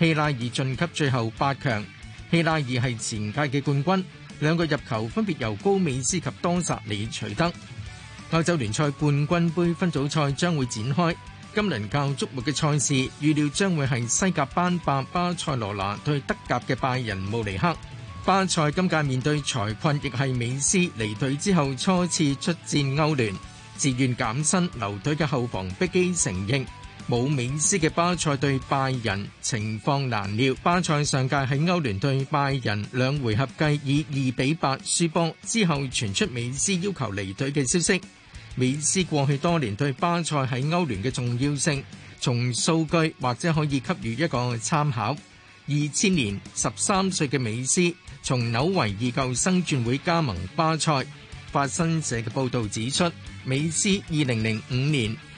希拉爾晉級最後八強，希拉爾係前屆嘅冠軍，兩個入球分別由高美斯及多薩尼取得。歐洲聯賽冠軍盃分組賽將會展開，今輪較矚目嘅賽事，預料將會係西甲班霸巴塞羅那對德甲嘅拜仁慕尼克。巴塞今屆面對財困，亦係美斯離隊之後初次出戰歐聯，自願減薪留隊嘅後防碧基承認。冇美斯嘅巴塞對拜仁情況難料，巴塞上屆喺歐聯對拜仁兩回合計以二比八輸波，之後傳出美斯要求離隊嘅消息。美斯過去多年對巴塞喺歐聯嘅重要性，從數據或者可以給予一個參考。二千年十三歲嘅美斯從紐維爾舊生轉會加盟巴塞，法新社嘅報道指出，美斯二零零五年。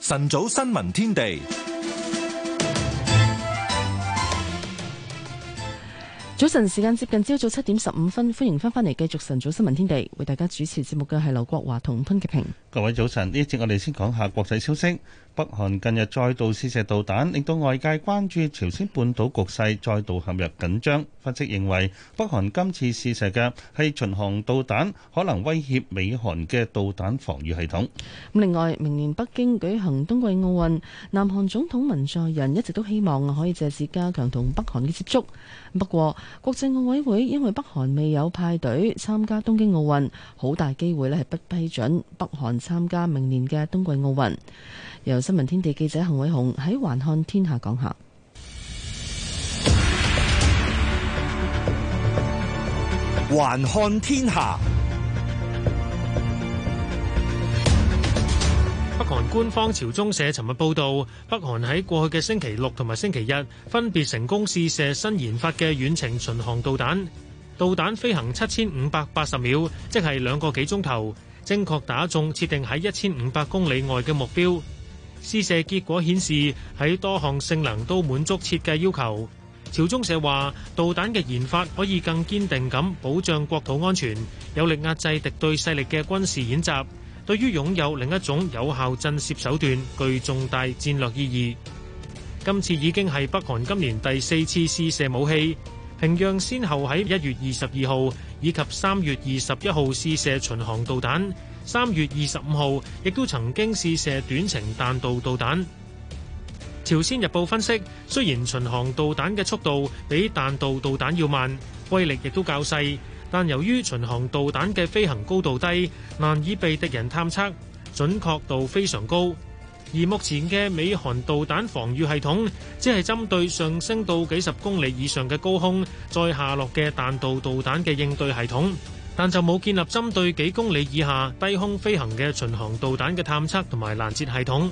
晨早新聞天地，早晨時間接近朝早七點十五分，歡迎翻返嚟繼續晨早新聞天地，為大家主持節目嘅係劉國華同潘潔平。各位早晨，呢節我哋先講下國際消息。北韓近日再度試射導彈，令到外界關注朝鮮半島局勢再度陷入緊張。分析認為，北韓今次試射嘅係巡航導彈，可能威脅美韓嘅導彈防禦系統。咁另外，明年北京舉行冬季奧運，南韓總統文在寅一直都希望可以借此加強同北韓嘅接觸。不過，國際奧委會因為北韓未有派隊參加東京奧運，好大機會咧係不批准北韓參加明年嘅冬季奧運。由新聞天地記者何偉雄喺《環看天下》講下，《環看天下》北韓官方朝中社尋日報道，北韓喺過去嘅星期六同埋星期日，分別成功試射新研發嘅遠程巡航導彈，導彈飛行七千五百八十秒，即係兩個幾鐘頭，正確打中設定喺一千五百公里外嘅目標。試射結果顯示，喺多項性能都滿足設計要求。朝中社話，導彈嘅研發可以更堅定咁保障國土安全，有力壓制敵對勢力嘅軍事演習。對於擁有另一種有效震懾手段，具重大戰略意義。今次已經係北韓今年第四次試射武器。平壤先後喺一月二十二號以及三月二十一號試射巡航導彈。三月二十五號，亦都曾經試射短程彈道導彈。朝鮮日報分析，雖然巡航導彈嘅速度比彈道導彈要慢，威力亦都較細，但由於巡航導彈嘅飛行高度低，難以被敵人探測，準確度非常高。而目前嘅美韓導彈防禦系統，只係針對上升到幾十公里以上嘅高空再下落嘅彈道導彈嘅應對系統。但就冇建立針對幾公里以下低空飛行嘅巡航導彈嘅探測同埋攔截系統。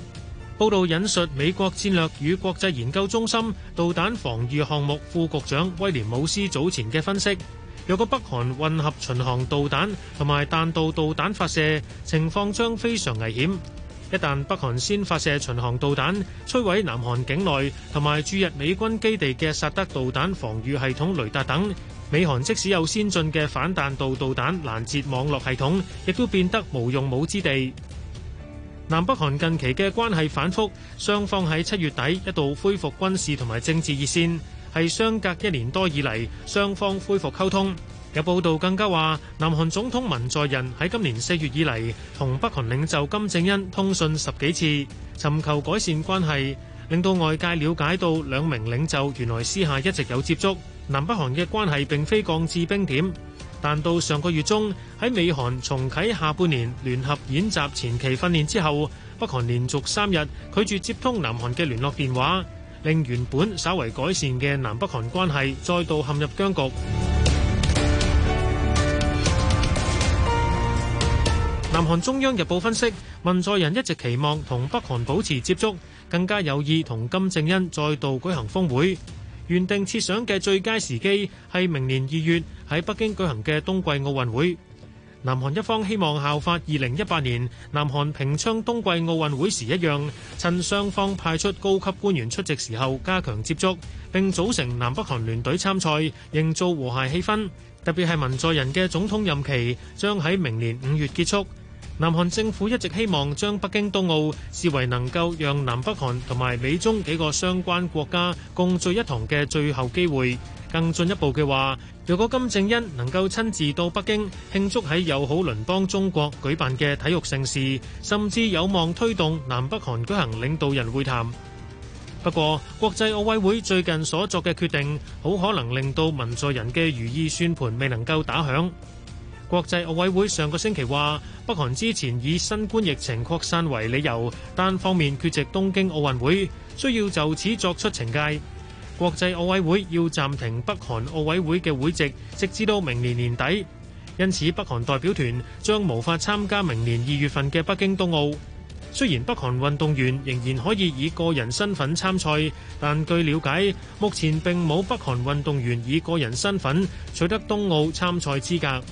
報道引述美國戰略與國際研究中心導彈防禦項目副局長威廉姆斯早前嘅分析，若果北韓混合巡航導彈同埋彈道導彈發射情況將非常危險。一旦北韓先發射巡航導彈，摧毀南韓境內同埋駐日美軍基地嘅薩德導彈防禦系統雷達等。美韓即使有先進嘅反彈道導彈攔截網絡系統，亦都變得無用武之地。南北韓近期嘅關係反覆，雙方喺七月底一度恢復軍事同埋政治熱線，係相隔一年多以嚟雙方恢復溝通。有報道更加話，南韓總統文在寅喺今年四月以嚟同北韓領袖金正恩通訊十幾次，尋求改善關係，令到外界了解到兩名領袖原來私下一直有接觸。南北韓嘅關係並非降至冰點，但到上個月中喺美韓重啟下半年聯合演習前期訓練之後，北韓連續三日拒絕接通南韓嘅聯絡電話，令原本稍為改善嘅南北韓關係再度陷入僵局。南韓中央日報分析，文在寅一直期望同北韓保持接觸，更加有意同金正恩再度舉行峰會。原定設想嘅最佳時機係明年二月喺北京舉行嘅冬季奧運會。南韓一方希望效法二零一八年南韓平昌冬季奧運會時一樣，趁雙方派出高級官員出席時候加強接觸，並組成南北韓聯隊參賽，營造和諧氣氛。特別係文在寅嘅總統任期將喺明年五月結束。南韓政府一直希望將北京冬奧視為能夠讓南北韓同埋美中幾個相關國家共聚一堂嘅最後機會。更進一步嘅話，若果金正恩能夠親自到北京慶祝喺友好鄰邦中國舉辦嘅體育盛事，甚至有望推動南北韓舉行領導人會談。不過，國際奧委會最近所作嘅決定，好可能令到文在寅嘅如意算盤未能夠打響。國際奧委會上個星期話，北韓之前以新冠疫情擴散為理由，單方面缺席東京奧運會，需要就此作出懲戒。國際奧委會要暫停北韓奧委會嘅會籍，直至到明年年底。因此，北韓代表團將無法參加明年二月份嘅北京冬奧。雖然北韓運動員仍然可以以個人身份參賽，但據了解，目前並冇北韓運動員以個人身份取得冬奧參賽資格。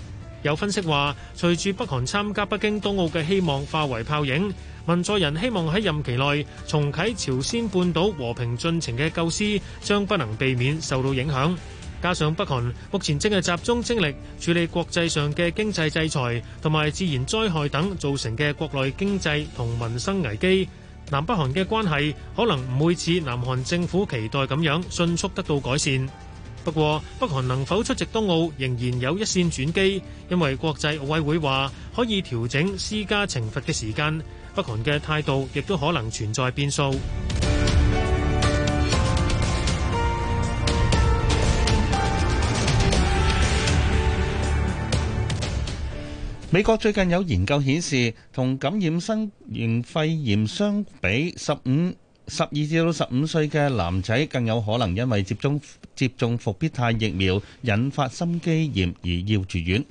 有分析話，隨住北韓參加北京冬奧嘅希望化為泡影，文在寅希望喺任期內重啟朝鮮半島和平進程嘅構思，將不能避免受到影響。加上北韓目前正係集中精力處理國際上嘅經濟制裁同埋自然災害等造成嘅國內經濟同民生危機，南北韓嘅關係可能唔會似南韓政府期待咁樣迅速得到改善。不過，北韓能否出席冬奧仍然有一線轉機，因為國際奧委會話可以調整施加懲罰嘅時間。北韓嘅態度亦都可能存在變數。美國最近有研究顯示，同感染新型肺炎相比，十五，十二至到十五歲嘅男仔更有可能因為接種接種復必泰疫苗，引發心肌炎而要住院。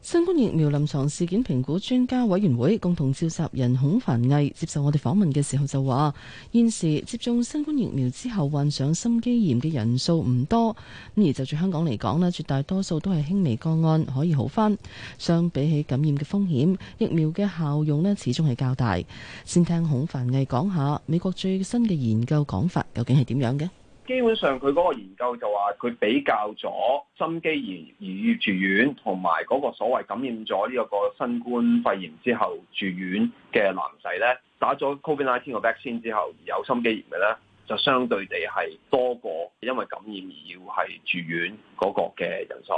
新冠疫苗臨床事件評估專家委員會共同召集人孔凡毅接受我哋訪問嘅時候就話，現時接種新冠疫苗之後患上心肌炎嘅人數唔多，咁而就住香港嚟講咧，絕大多數都係輕微個案，可以好翻。相比起感染嘅風險，疫苗嘅效用咧始終係較大。先聽孔凡毅講下美國最新嘅研究講法究竟係點樣嘅。基本上佢嗰個研究就話，佢比較咗心肌炎而要住院，同埋嗰個所謂感染咗呢個個新冠肺炎之後住院嘅男仔咧，打咗 Covid nineteen 個 vaccine 之後有心肌炎嘅咧，就相對地係多過因為感染而要係住院嗰個嘅人數。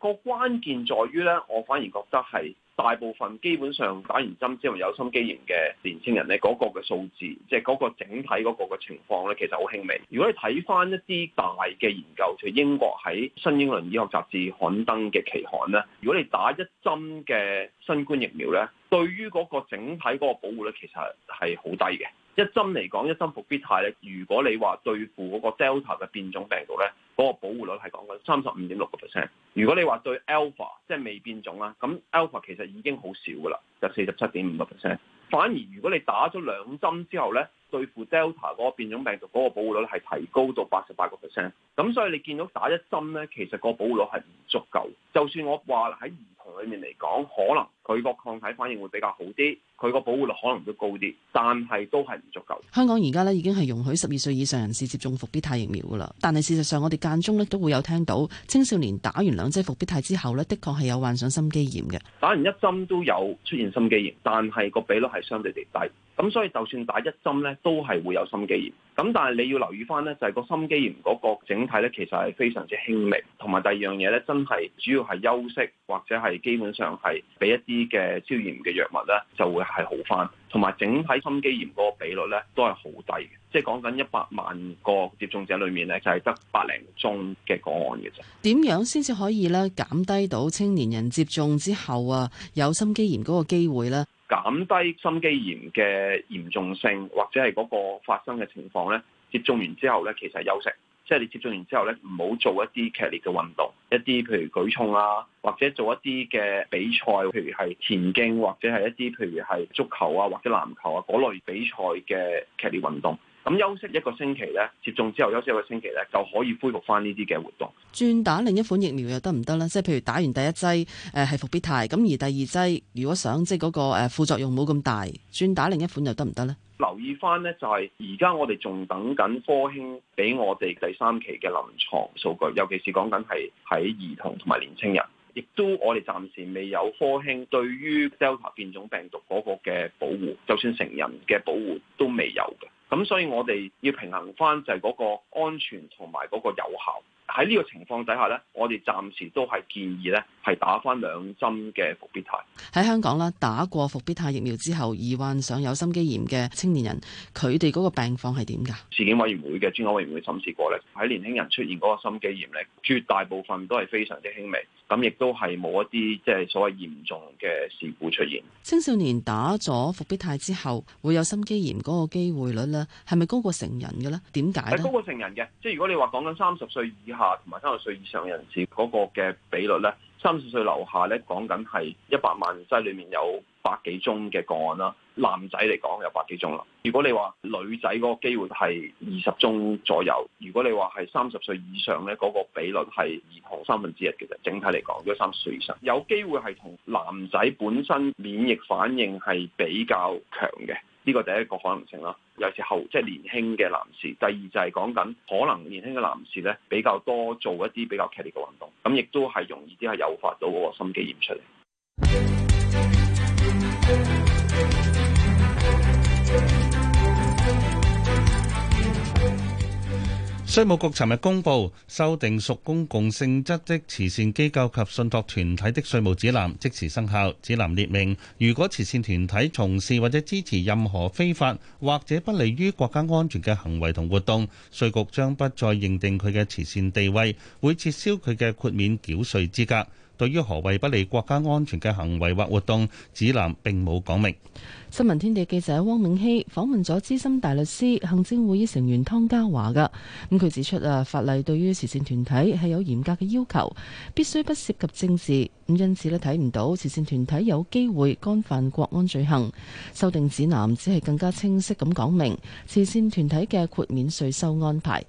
個關鍵在於咧，我反而覺得係。大部分基本上打完針之後有心肌炎嘅年青人咧，嗰個嘅數字，即係嗰個整體嗰個嘅情況咧，其實好輕微。如果你睇返一啲大嘅研究，就英國喺《新英倫醫學雜誌》刊登嘅期刊咧，如果你打一針嘅新冠疫苗咧，對於嗰個整體嗰個保護率其實係好低嘅。一針嚟講，一針復必泰咧。如果你話對付嗰個 Delta 嘅變種病毒咧，嗰個保護率係講緊三十五點六個 percent。如果你話對 Alpha 即係未變種啦，咁 Alpha 其實已經好少噶啦，就四十七點五個 percent。反而如果你打咗兩針之後咧。對付 Delta 嗰個變種病毒嗰個保護率咧，係提高到八十八個 percent，咁所以你見到打一針咧，其實個保護率係唔足夠。就算我話喺兒童裏面嚟講，可能佢個抗體反應會比較好啲，佢個保護率可能都高啲，但係都係唔足夠。香港而家咧已經係容許十二歲以上人士接種復必泰疫苗噶啦，但係事實上我哋間中咧都會有聽到青少年打完兩劑復必泰之後咧，的確係有患上心肌炎嘅。打完一針都有出現心肌炎，但係個比率係相對地低。咁、嗯、所以就算打一針咧，都係會有心肌炎。咁但係你要留意翻咧，就係、是、個心肌炎嗰個整體咧，其實係非常之輕微。同埋第二樣嘢咧，真係主要係休息或者係基本上係俾一啲嘅消炎嘅藥物咧，就會係好翻。同埋整體心肌炎嗰個比率咧，都係好低嘅，即係講緊一百萬個接種者裡面咧，就係、是、得百零宗嘅個案嘅啫。點樣先至可以咧，減低到青年人接種之後啊，有心肌炎嗰個機會咧？減低心肌炎嘅嚴重性，或者係嗰個發生嘅情況呢，接種完之後呢，其實休息，即係你接種完之後呢，唔好做一啲劇烈嘅運動，一啲譬如舉重啊，或者做一啲嘅比賽，譬如係田徑，或者係一啲譬如係足球啊或者籃球啊嗰類比賽嘅劇烈運動。咁休息一個星期咧，接種之後休息一個星期咧，就可以恢復翻呢啲嘅活動。轉打另一款疫苗又得唔得咧？即係譬如打完第一劑，誒係復必泰，咁而第二劑如果想即係嗰個副作用冇咁大，轉打另一款又得唔得咧？留意翻咧，就係而家我哋仲等緊科興俾我哋第三期嘅臨床數據，尤其是講緊係喺兒童同埋年輕人。亦都我哋暫時未有科興對於 Delta 變種病毒嗰個嘅保護，就算成人嘅保護都未有嘅。咁所以我哋要平衡翻就係嗰個安全同埋嗰個有效。喺呢個情況底下呢，我哋暫時都係建議呢，係打返兩針嘅復必泰。喺香港咧，打過復必泰疫苗之後，疑患上有心肌炎嘅青年人，佢哋嗰個病況係點㗎？事件委員會嘅專案委員會審視過咧，喺年輕人出現嗰個心肌炎咧，絕大部分都係非常之輕微，咁亦都係冇一啲即係所謂嚴重嘅事故出現。青少年打咗復必泰之後，會有心肌炎嗰個機會率呢，係咪高過成人嘅呢？點解？係高過成人嘅，即係如果你話講緊三十歲以下。下同埋三十歲以上人士嗰個嘅比率咧，三十歲樓下咧，講緊係一百萬劑裡面有百幾宗嘅個案啦。男仔嚟講有百幾宗啦。如果你話女仔嗰個機會係二十宗左右，如果你話係三十歲以上咧，嗰個比率係二同三分之一嘅。其實整體嚟講，嗰三十歲以上有機會係同男仔本身免疫反應係比較強嘅。呢個第一個可能性咯，有時候即係年輕嘅男士。第二就係講緊可能年輕嘅男士呢，比較多做一啲比較劇烈嘅運動，咁亦都係容易啲係誘發到嗰個心肌炎出嚟。稅務局尋日公布修訂屬公共性質的慈善機構及信託團體的稅務指南，即時生效。指南列明，如果慈善團體從事或者支持任何非法或者不利於國家安全嘅行為同活動，稅局將不再認定佢嘅慈善地位，會撤銷佢嘅豁免繳稅資格。對於何為不利國家安全嘅行為或活動，指南並冇講明。新聞天地記者汪永熙訪問咗資深大律師、行政會議成員湯家驊㗎。咁佢指出啊，法例對於慈善團體係有嚴格嘅要求，必須不涉及政治。咁因此咧，睇唔到慈善團體有機會干犯國安罪行。修訂指南只係更加清晰咁講明慈善團體嘅豁免稅收安排。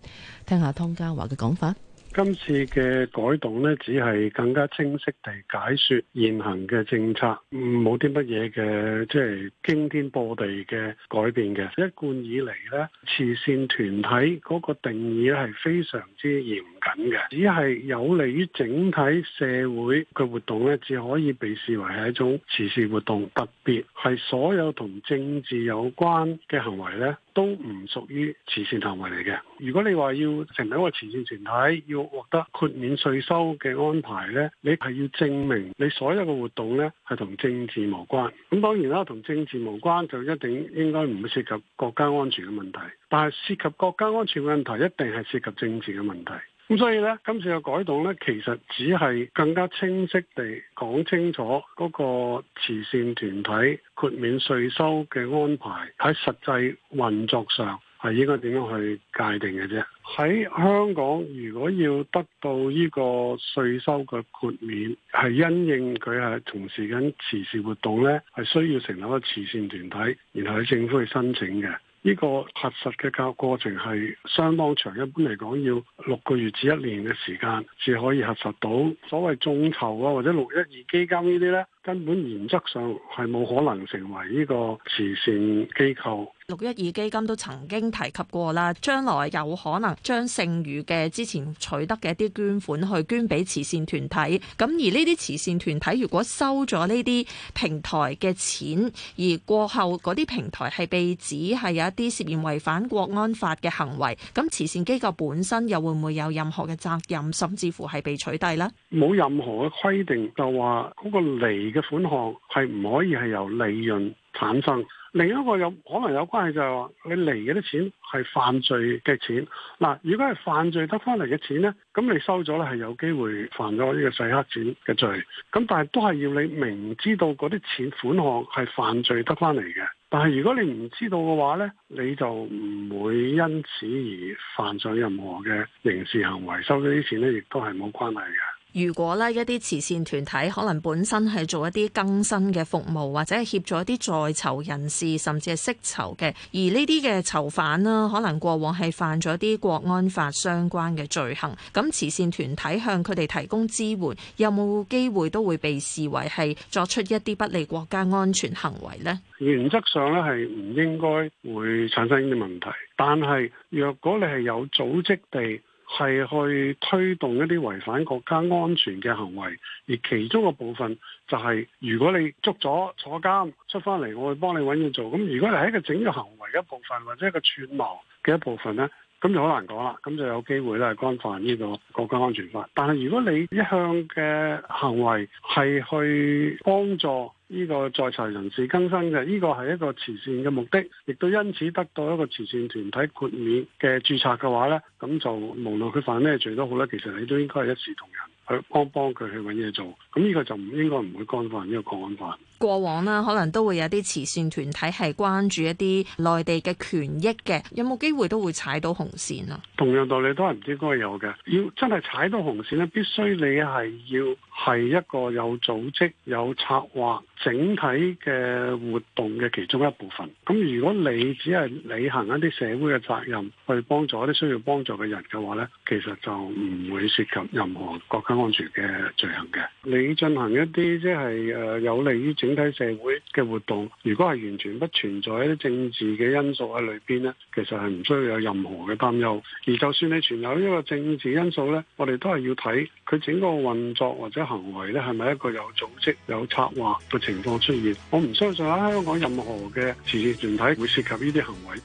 聽下湯家驊嘅講法。今次嘅改動咧，只係更加清晰地解說現行嘅政策，冇啲乜嘢嘅即係驚天破地嘅改變嘅。一貫以嚟呢慈善團體嗰個定義咧係非常之嚴。緊嘅，只係有利於整體社會嘅活動咧，只可以被視為係一種慈善活動。特別係所有同政治有關嘅行為咧，都唔屬於慈善行為嚟嘅。如果你話要成為一個慈善團體，要獲得豁免稅收嘅安排咧，你係要證明你所有嘅活動咧係同政治無關。咁當然啦，同政治無關就一定應該唔會涉及國家安全嘅問題。但係涉及國家安全嘅問題，一定係涉及政治嘅問題。咁所以咧，今次嘅改動咧，其實只係更加清晰地講清楚嗰個慈善團體豁免稅收嘅安排喺實際運作上係應該點樣去界定嘅啫。喺香港，如果要得到呢個稅收嘅豁免，係因應佢係從事緊慈善活動咧，係需要成立一個慈善團體，然後喺政府去申請嘅。呢個核實嘅教育過程係相當長，一般嚟講要六個月至一年嘅時間，先可以核實到所謂眾籌啊或者六一二基金這些呢啲咧。根本原則上係冇可能成為呢個慈善機構。六一二基金都曾經提及過啦，將來有可能將剩餘嘅之前取得嘅一啲捐款去捐俾慈善團體，咁而呢啲慈善團體如果收咗呢啲平台嘅錢，而過後嗰啲平台係被指係有一啲涉嫌違反國安法嘅行為，咁慈善機構本身又會唔會有任何嘅責任，甚至乎係被取締呢？冇任何嘅規定就話嗰個嚟嘅。款項係唔可以係由利潤產生，另一個有可能有關係就係話你嚟嘅啲錢係犯罪嘅錢。嗱，如果係犯罪得翻嚟嘅錢呢，咁你收咗呢，係有機會犯咗呢個洗黑錢嘅罪。咁但係都係要你明知道嗰啲錢款項係犯罪得翻嚟嘅。但係如果你唔知道嘅話呢，你就唔會因此而犯上任何嘅刑事行為。收咗啲錢呢，亦都係冇關係嘅。如果呢一啲慈善團體可能本身係做一啲更新嘅服務，或者係協助一啲在囚人士，甚至係釋囚嘅，而呢啲嘅囚犯啦，可能過往係犯咗啲國安法相關嘅罪行，咁慈善團體向佢哋提供支援，有冇機會都會被視為係作出一啲不利國家安全行為咧？原則上咧係唔應該會產生呢啲問題，但係若果你係有組織地。係去推動一啲違反國家安全嘅行為，而其中嘅部分就係、是、如果你捉咗坐監出翻嚟，我會幫你揾嘢做。咁如果你係一個整個行為嘅一部分，或者一個串謀嘅一部分呢？咁就好難講啦，咁就有機會咧，干犯呢個國家安全法。但係如果你一向嘅行為係去幫助呢個在囚人士更新嘅，呢、這個係一個慈善嘅目的，亦都因此得到一個慈善團體豁免嘅注冊嘅話呢，咁就無論佢犯咩罪都好咧，其實你都應該係一視同仁。去幫幫佢去揾嘢做，咁呢個就唔應該唔會干犯呢個國安法。過往啦，可能都會有啲慈善團體係關注一啲內地嘅權益嘅，有冇機會都會踩到紅線啊？同樣道理都係唔知該有嘅。要真係踩到紅線咧，必須你係要係一個有組織、有策劃整體嘅活動嘅其中一部分。咁如果你只係履行一啲社會嘅責任，去幫助一啲需要幫助嘅人嘅話咧，其實就唔會涉及任何國家安全嘅罪行嘅，你進行一啲即係誒，有利於整體社會嘅活動。如果係完全不存在一啲政治嘅因素喺裏邊咧，其實係唔需要有任何嘅擔憂。而就算你存有一個政治因素咧，我哋都係要睇佢整個運作或者行為咧，係咪一個有組織有策劃嘅情況出現？我唔相信喺香港任何嘅慈善團體會涉及呢啲行為。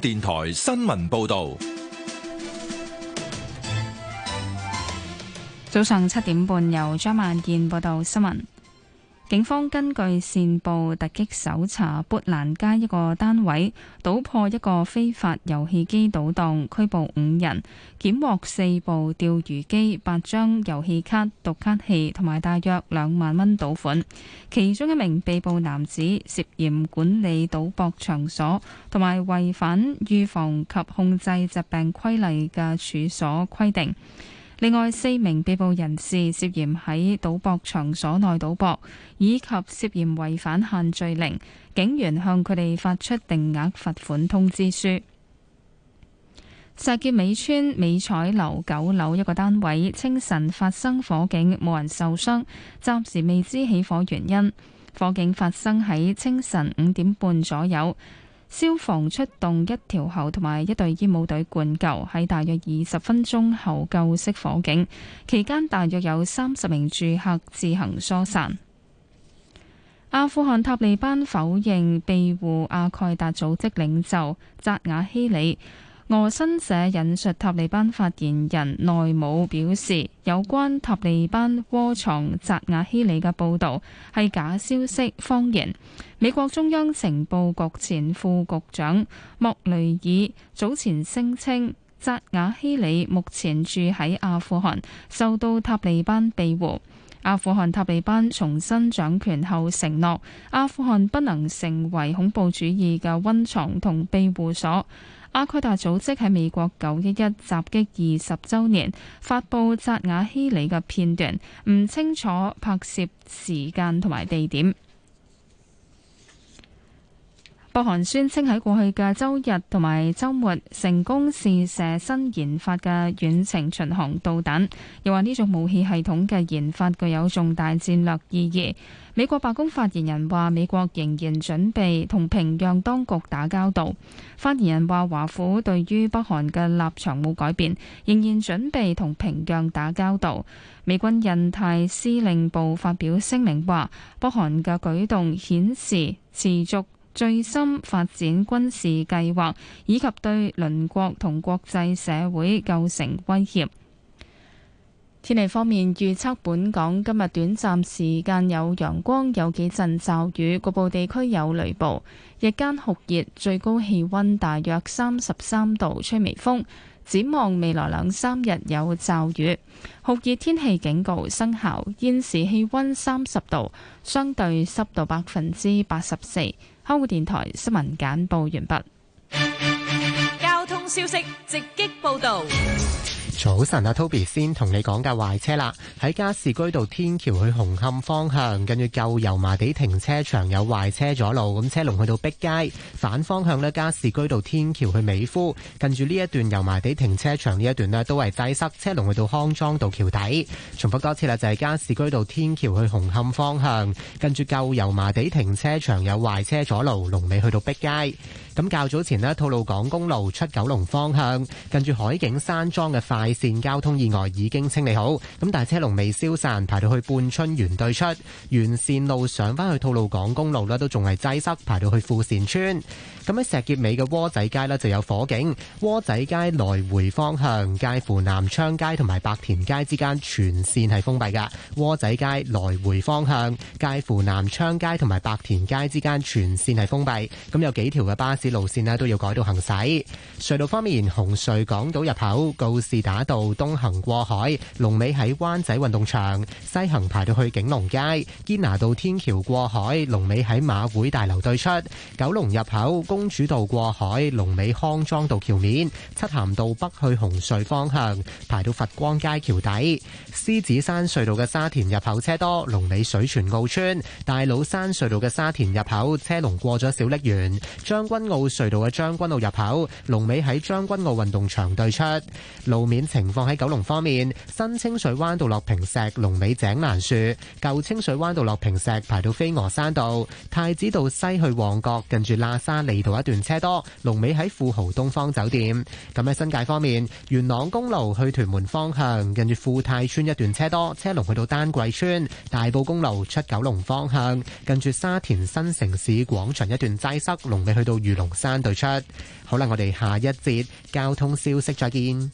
電台新聞報道，早上七點半由張萬健報道新聞。警方根據線報突擊搜查砵蘭街一個單位，搗破一個非法遊戲機賭檔，拘捕五人，檢獲四部釣魚機、八張遊戲卡、讀卡器同埋大約兩萬蚊賭款。其中一名被捕男子涉嫌管理賭博場所，同埋違反預防及控制疾病規例嘅處所規定。另外四名被捕人士涉嫌喺賭博場所內賭博，以及涉嫌違反限聚令，警員向佢哋發出定額罰款通知書。石硤尾村美彩樓九樓一個單位清晨發生火警，冇人受傷，暫時未知起火原因。火警發生喺清晨五點半左右。消防出動一條喉同埋一隊煙霧隊灌救，喺大約二十分鐘後救熄火警。期間大約有三十名住客自行疏散。阿富汗塔利班否認庇護阿蓋達組織領袖扎瓦希里。俄新社引述塔利班發言人內姆表示，有關塔利班窩藏扎瓦希里嘅報道係假消息、謊言。美國中央情報局前副局長莫雷爾早前聲稱，扎瓦希里目前住喺阿富汗，受到塔利班庇護。阿富汗塔利班重新掌權後，承諾阿富汗不能成為恐怖主義嘅溫床同庇護所。阿奎達組織喺美國九一一襲擊二十周年發佈扎瓦希里嘅片段，唔清楚拍攝時間同埋地點。北韓宣稱喺過去嘅週日同埋週末成功試射新研發嘅遠程巡航導彈，又話呢種武器系統嘅研發具有重大戰略意義。美國白宮發言人話：美國仍然準備同平壤當局打交道。發言人話華府對於北韓嘅立場冇改變，仍然準備同平壤打交道。美軍印太司令部發表聲明話：北韓嘅舉動顯示持續最新發展軍事計劃，以及對鄰國同國際社會構成威脅。天氣方面，預測本港今日短暫時間有陽光，有幾陣驟雨，局部地區有雷暴。日間酷熱，最高氣溫大約三十三度，吹微風。展望未來兩三日有驟雨，酷熱天氣警告生效。現時氣溫三十度，相對濕度百分之八十四。香港電台新聞簡報完畢。交通消息直擊報道。早晨啊，Toby 先同你講架壞車啦。喺加士居道天橋去紅磡方向，跟住舊油麻地停車場有壞車阻路，咁車龍去到碧街。反方向呢，加士居道天橋去美孚，跟住呢一段油麻地停車場呢一段呢，都係擠塞，車龍去到康莊道橋底。重複多次啦，就係加士居道天橋去紅磡方向，跟住舊油麻地停車場有壞車阻路，龍尾去到碧街。咁較早前呢，吐露港公路出九龍方向，近住海景山莊嘅快線交通意外已經清理好，咁但係車龍未消散，排到去半春園對出，沿線路上返去吐露港公路呢都仲係擠塞，排到去富善村。咁喺石硤尾嘅窩仔街呢，就有火警。窩仔街來回方向，介乎南昌街同埋白田街之間全線係封閉嘅。窩仔街來回方向，介乎南昌街同埋白田街之間全線係封閉。咁有幾條嘅巴士路線呢，都要改道行駛。隧道方面，紅隧港島入口告士打道東行過海，龍尾喺灣仔運動場；西行排到去景隆街。堅拿道天橋過海，龍尾喺馬會大樓對出。九龍入口.公主道過海，龍尾康莊道橋面，七鹹道北去紅隧方向排到佛光街橋底；獅子山隧道嘅沙田入口車多，龍尾水泉澳村；大老山隧道嘅沙田入口車龍過咗小瀝源，將軍澳隧道嘅將軍澳入口龍尾喺將軍澳運動場對出。路面情況喺九龍方面，新清水灣道落坪石，龍尾井欄樹，舊清水灣道落坪石排到飛鵝山道，太子道西去旺角近住喇沙利。一段車多，龍尾喺富豪東方酒店。咁喺新界方面，元朗公路去屯門方向，近住富泰村一段車多，車龍去到丹桂村；大埔公路出九龍方向，近住沙田新城市廣場一段擠塞，龍尾去到魚龍山對出。好啦，我哋下一節交通消息，再見。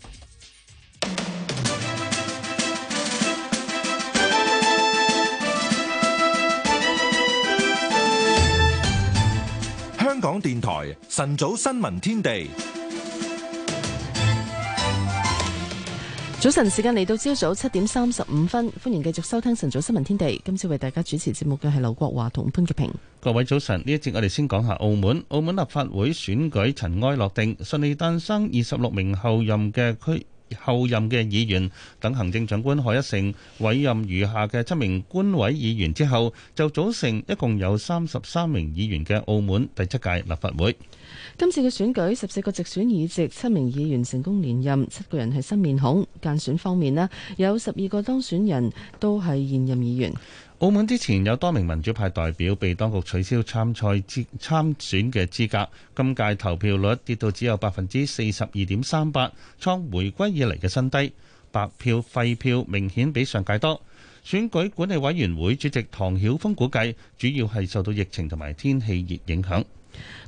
港電台晨早新聞天地，早晨時間嚟到朝早七點三十五分，歡迎繼續收聽晨早新聞天地。今次為大家主持節目嘅係劉國華同潘潔平。各位早晨，呢一節我哋先講下澳門。澳門立法會選舉塵埃落定，順利誕生二十六名候任嘅區後任嘅議員等行政長官賀一誠委任餘下嘅七名官委議員之後，就組成一共有三十三名議員嘅澳門第七屆立法會。今次嘅選舉，十四個直選議席，七名議員成功連任，七個人係新面孔。間選方面呢，有十二個當選人都係現任議員。澳門之前有多名民主派代表被當局取消參賽、參選嘅資格，今屆投票率跌到只有百分之四十二點三八，創回歸以嚟嘅新低。白票、廢票明顯比上屆多。選舉管理委員會主席唐曉峰估計，主要係受到疫情同埋天氣熱影響。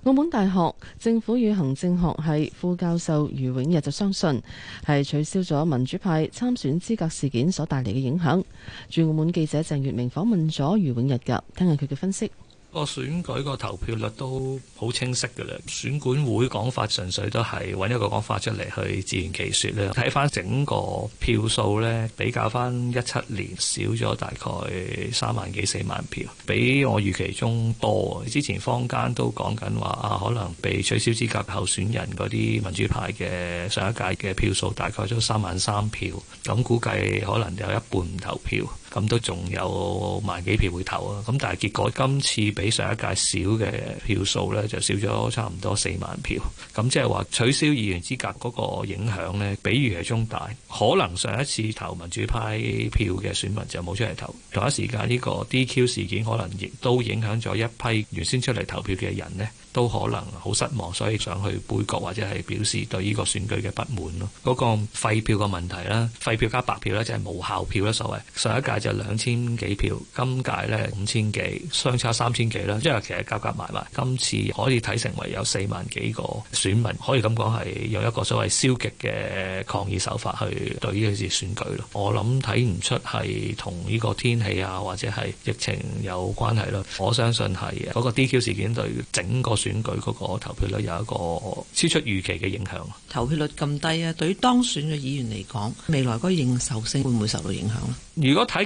澳門大學政府與行政學系副教授余永逸就相信，係取消咗民主派參選資格事件所帶嚟嘅影響。駐澳門記者鄭月明訪問咗余永逸噶，聽下佢嘅分析。個選舉個投票率都好清晰㗎啦，選管會講法純粹都係揾一個講法出嚟去自圓其説啦。睇翻整個票數呢，比較翻一七年少咗大概三萬幾四萬票，比我預期中多。之前坊間都講緊話啊，可能被取消資格候選人嗰啲民主派嘅上一屆嘅票數大概都三萬三票，咁估計可能有一半唔投票。咁都仲有萬幾票會投啊！咁但係結果今次比上一屆少嘅票數呢，就少咗差唔多四萬票。咁即係話取消議員資格嗰個影響呢，比預期中大。可能上一次投民主派票嘅選民就冇出嚟投。同一時間呢、呢個 DQ 事件可能亦都影響咗一批原先出嚟投票嘅人呢，都可能好失望，所以想去杯葛或者係表示對呢個選舉嘅不滿咯。嗰、嗰個廢票嘅問題啦，廢票加白票呢，就係無效票啦，所謂上一屆。就兩千幾票，今屆呢，五千幾，相差三千幾啦。即係其實夾夾埋埋，今次可以睇成為有四萬幾個選民，可以咁講係用一個所謂消極嘅抗議手法去對呢次選舉咯。我諗睇唔出係同呢個天氣啊，或者係疫情有關係咯。我相信係嗰個 DQ 事件對整個選舉嗰個投票率有一個超出預期嘅影響。投票率咁低啊，對於當選嘅議員嚟講，未來嗰個認受性會唔會受到影響咧？如果睇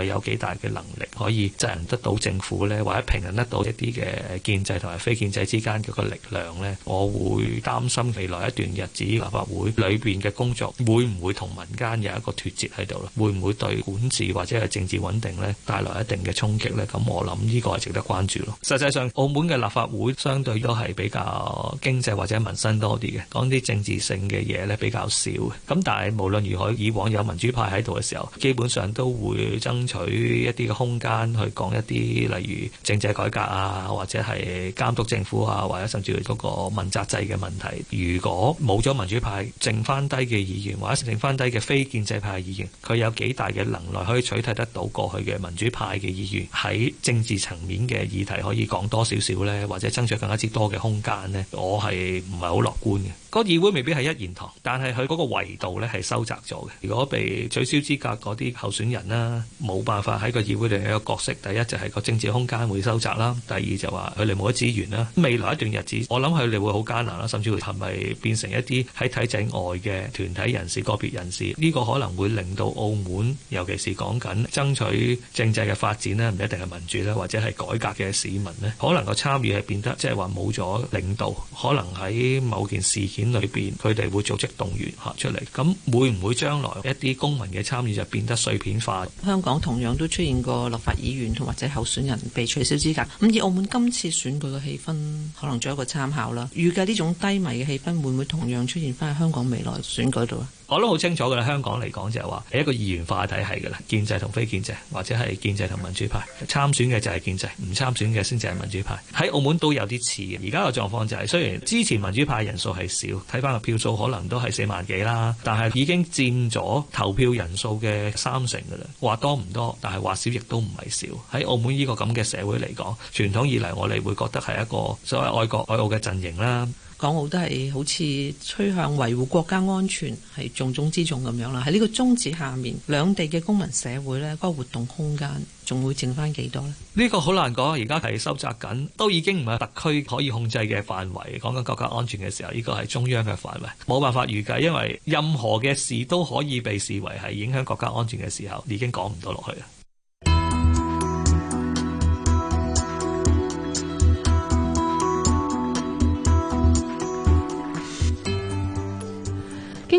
有幾大嘅能力可以制衡得到政府咧，或者平衡得到一啲嘅建制同埋非建制之間嘅個力量咧？我會擔心未來一段日子立法會裏邊嘅工作會唔會同民間有一個脫節喺度咧？會唔會對管治或者係政治穩定咧帶來一定嘅衝擊咧？咁我諗呢個係值得關注咯。實際上，澳門嘅立法會相對都係比較經濟或者民生多啲嘅，講啲政治性嘅嘢咧比較少。咁但係無論如何，以往有民主派喺度嘅時候，基本上都會增取一啲嘅空間去講一啲例如政制改革啊，或者係監督政府啊，或者甚至係嗰個問責制嘅問題。如果冇咗民主派剩翻低嘅議員或者剩翻低嘅非建制派議員，佢有幾大嘅能耐可以取締得到過去嘅民主派嘅議員，喺政治層面嘅議題可以講多少少咧，或者爭取更加之多嘅空間咧？我係唔係好樂觀嘅？個議會未必係一言堂，但係佢嗰個維度咧係收窄咗嘅。如果被取消資格嗰啲候選人啦冇。冇辦法喺個議會裡有個角色。第一就係個政治空間會收窄啦。第二就話佢哋冇咗資源啦。未來一段日子，我諗佢哋會好艱難啦，甚至會係咪變成一啲喺體制外嘅團體人士、個別人士？呢個可能會令到澳門，尤其是講緊爭取政制嘅發展呢，唔一定係民主呢，或者係改革嘅市民呢，可能個參與係變得即係話冇咗領導。可能喺某件事件裏邊，佢哋會組織動員嚇出嚟。咁會唔會將來一啲公民嘅參與就變得碎片化？香港同同樣都出現過立法議員同或者候選人被取消資格，咁以澳門今次選舉嘅氣氛，可能做一個參考啦。預計呢種低迷嘅氣氛會唔會同樣出現翻喺香港未來選舉度啊？我都好清楚噶啦，香港嚟講就係話係一個二元化體系噶啦，建制同非建制，或者係建制同民主派參選嘅就係建制，唔參選嘅先至係民主派。喺澳門都有啲似嘅，而家個狀況就係、是、雖然之前民主派人數係少，睇返個票數可能都係四萬幾啦，但係已經佔咗投票人數嘅三成噶啦。話多唔多，但係話少亦都唔係少。喺澳門呢個咁嘅社會嚟講，傳統以來我哋會覺得係一個所謂愛國愛澳嘅陣營啦。港澳都係好似趨向維護國家安全係重中之重咁樣啦，喺呢個宗旨下面，兩地嘅公民社會呢、呢個活動空間仲會剩翻幾多呢？呢個好難講，而家係收窄緊，都已經唔係特區可以控制嘅範圍。講緊國家安全嘅時候，呢個係中央嘅範圍，冇辦法預計，因為任何嘅事都可以被視為係影響國家安全嘅時候，已經講唔到落去啦。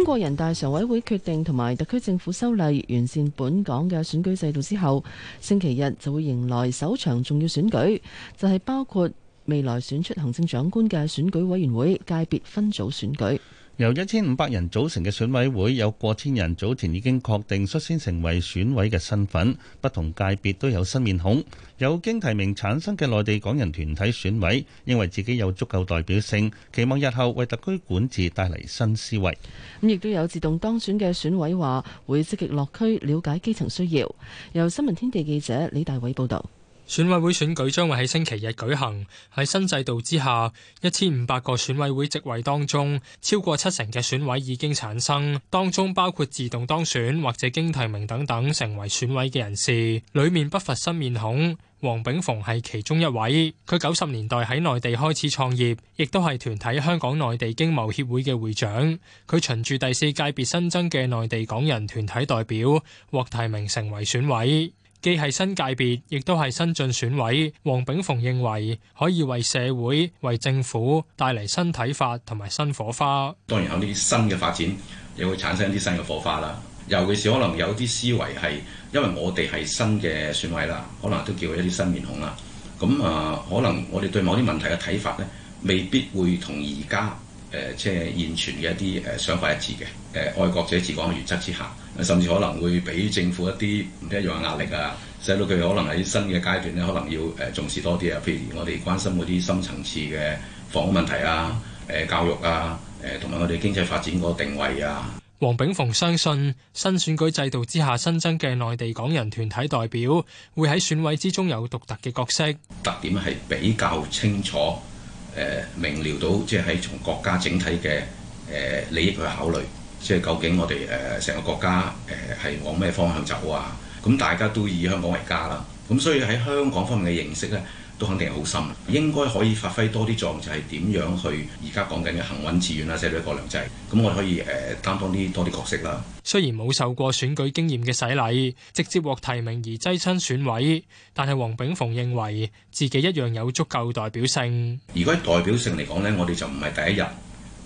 全國人大常委會決定同埋特區政府修例，完善本港嘅選舉制度之後，星期日就會迎來首場重要選舉，就係、是、包括未來選出行政長官嘅選舉委員會界別分組選舉。1> 由一千五百人組成嘅選委會，有過千人早前已經確定率先成為選委嘅身份，不同界別都有新面孔。有經提名產生嘅內地港人團體選委，認為自己有足夠代表性，期望日後為特區管治帶嚟新思維。咁亦都有自動當選嘅選委話，會積極落區了解基層需要。由新聞天地記者李大偉報道。選委會選舉將會喺星期日舉行。喺新制度之下，一千五百個選委會席位當中，超過七成嘅選委已經產生，當中包括自動當選或者經提名等等成為選委嘅人士。裏面不乏新面孔，黃炳馮係其中一位。佢九十年代喺內地開始創業，亦都係團體香港內地經貿協會嘅會長。佢循住第四界別新增嘅內地港人團體代表獲提名成為選委。既係新界別，亦都係新進選委。黃炳鳳認為可以為社會、為政府帶嚟新睇法同埋新火花。當然，有呢啲新嘅發展，亦會產生一啲新嘅火花啦。尤其是可能有啲思維係因為我哋係新嘅選委啦，可能都叫一啲新面孔啦。咁啊，可能我哋對某啲問題嘅睇法咧，未必會同而家。誒即係現存嘅一啲誒想法一致嘅，誒愛國者治港嘅原則之下，甚至可能會俾政府一啲唔一樣嘅壓力啊！使到佢可能喺新嘅階段呢，可能要誒重視多啲啊！譬如我哋關心嗰啲深層次嘅房屋問題啊、誒教育啊、誒同埋我哋經濟發展嗰個定位啊。黃炳逢相信新選舉制度之下新增嘅內地港人團體代表會喺選委之中有獨特嘅角色，特點係比較清楚。明瞭到即係喺從國家整體嘅誒、呃、利益去考慮，即係究竟我哋誒成個國家誒係、呃、往咩方向走啊？咁大家都以香港為家啦，咁所以喺香港方面嘅認識咧，都肯定好深，應該可以發揮多啲作用，就係點樣去而家講緊嘅行穩致遠啦，寫咗個良制。咁我哋可以誒、呃、擔當啲多啲角色啦。雖然冇受過選舉經驗嘅洗禮，直接獲提名而躋身選委，但係黃炳逢認為自己一樣有足夠代表性。如果代表性嚟講咧，我哋就唔係第一日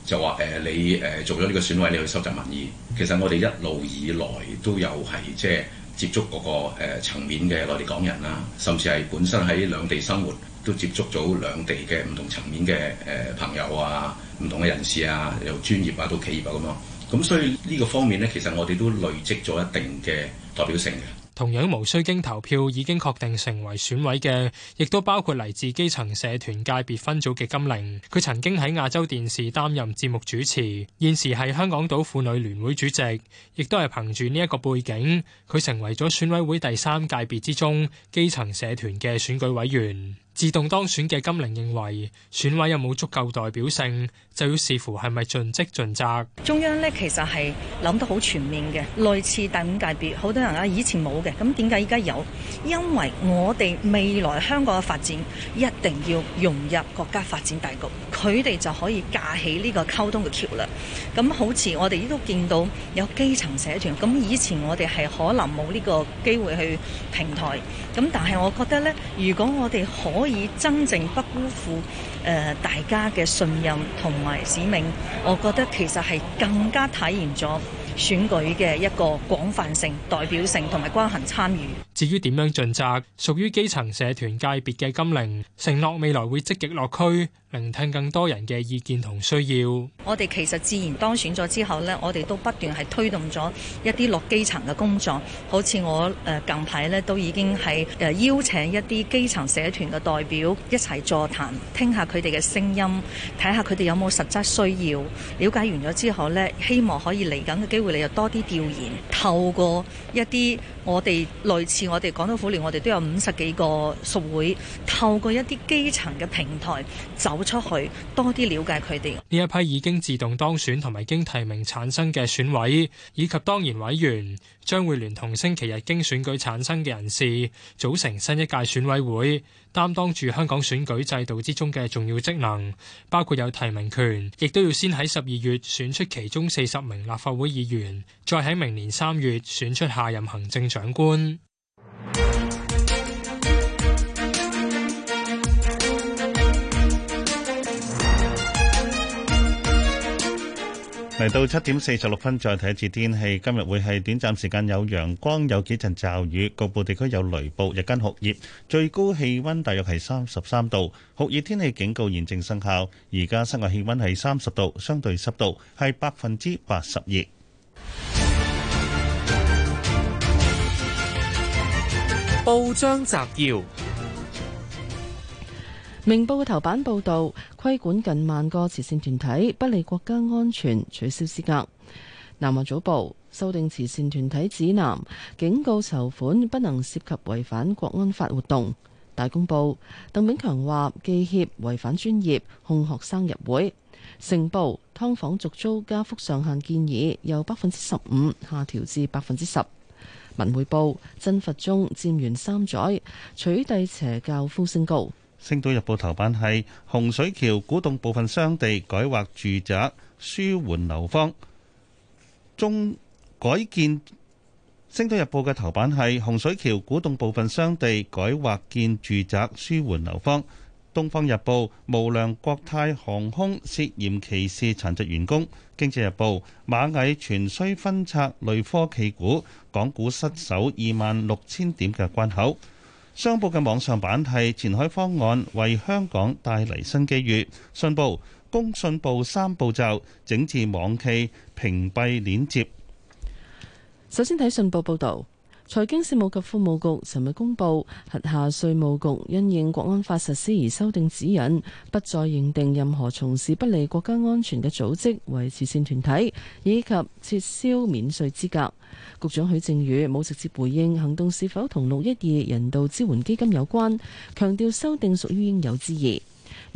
就話誒、呃、你誒做咗呢個選委，你去收集民意。其實我哋一路以來都有係即係。就係接觸嗰、那個誒層、呃、面嘅內地港人啦，甚至係本身喺兩地生活都接觸咗兩地嘅唔同層面嘅誒、呃、朋友啊，唔同嘅人士啊，由專業啊到企業啊咁咯。咁所以呢個方面咧，其實我哋都累積咗一定嘅代表性嘅。同樣無需經投票已經確定成為選委嘅，亦都包括嚟自基層社團界別分組嘅金玲。佢曾經喺亞洲電視擔任節目主持，現時係香港島婦女聯會主席，亦都係憑住呢一個背景，佢成為咗選委會第三界別之中基層社團嘅選舉委員。自動當選嘅金陵認為，選委有冇足夠代表性，就要視乎係咪盡職盡責。中央呢其實係諗得好全面嘅，類似第五界別，好多人呀以前冇嘅，咁點解依家有？因為我哋未來香港嘅發展一定要融入國家發展大局，佢哋就可以架起呢個溝通嘅橋樑。咁好似我哋亦都見到有基層社團，咁以前我哋係可能冇呢個機會去平台。咁但係我覺得呢如果我哋可以真正不辜負誒、呃、大家嘅信任同埋使命，我覺得其實係更加體現咗選舉嘅一個廣泛性、代表性同埋均衡參與。至於點樣盡責，屬於基層社團界別嘅金陵，承諾未來會積極落區。聆聽更多人嘅意見同需要，我哋其實自然當選咗之後呢，我哋都不斷係推動咗一啲落基層嘅工作。好似我誒近排呢，都已經係誒邀請一啲基層社團嘅代表一齊座談，聽下佢哋嘅聲音，睇下佢哋有冇實質需要。了解完咗之後呢，希望可以嚟緊嘅機會，你又多啲調研，透過一啲。我哋類似我哋廣東婦聯，我哋都有五十幾個屬會，透過一啲基層嘅平台走出去，多啲了解佢哋。呢一批已經自動當選同埋經提名產生嘅選委，以及當然委員，將會聯同星期日經選舉產生嘅人士，組成新一屆選委會。擔當住香港選舉制度之中嘅重要職能，包括有提名權，亦都要先喺十二月選出其中四十名立法會議員，再喺明年三月選出下任行政長官。嚟到七點四十六分，再睇一次天氣。今日會係短暫時間有陽光，有幾陣驟雨，局部地區有雷暴。日間酷熱，最高氣溫大約係三十三度。酷熱天氣警告現正生效。而家室外氣溫係三十度，相對濕度係百分之八十二。報章摘要。明報嘅頭版報道，規管近萬個慈善團體不利國家安全，取消資格。南華早報，修訂慈善團體指南，警告籌款不能涉及違反國安法活動。大公報，鄧炳強話記協違、違反專業，控學生入會。成報，劏房續租加幅上限建議由百分之十五下調至百分之十。文匯報，真佛宗佔完三載取締邪教呼聲高。星島日報頭版係洪水橋古洞部分商地改劃住宅，舒緩樓荒。中改建。星島日報嘅頭版係洪水橋古洞部分商地改劃建住宅，舒緩樓荒。東方日報無良國泰航空涉嫌歧視殘疾員工。經濟日報螞蟻全需分拆類科企股，港股失守二萬六千點嘅關口。商報嘅網上版係前海方案為香港帶嚟新機遇。信報、工信部三步驟整治網企，屏蔽鏈接。首先睇信報報導。財經事務及庫務局尋日公布，轄下稅務局因應國安法實施而修訂指引，不再認定任何從事不利國家安全嘅組織為慈善團體，以及撤銷免稅資格。局長許正宇冇直接回應行動是否同六一二人道支援基金有關，強調修訂屬於應有之義。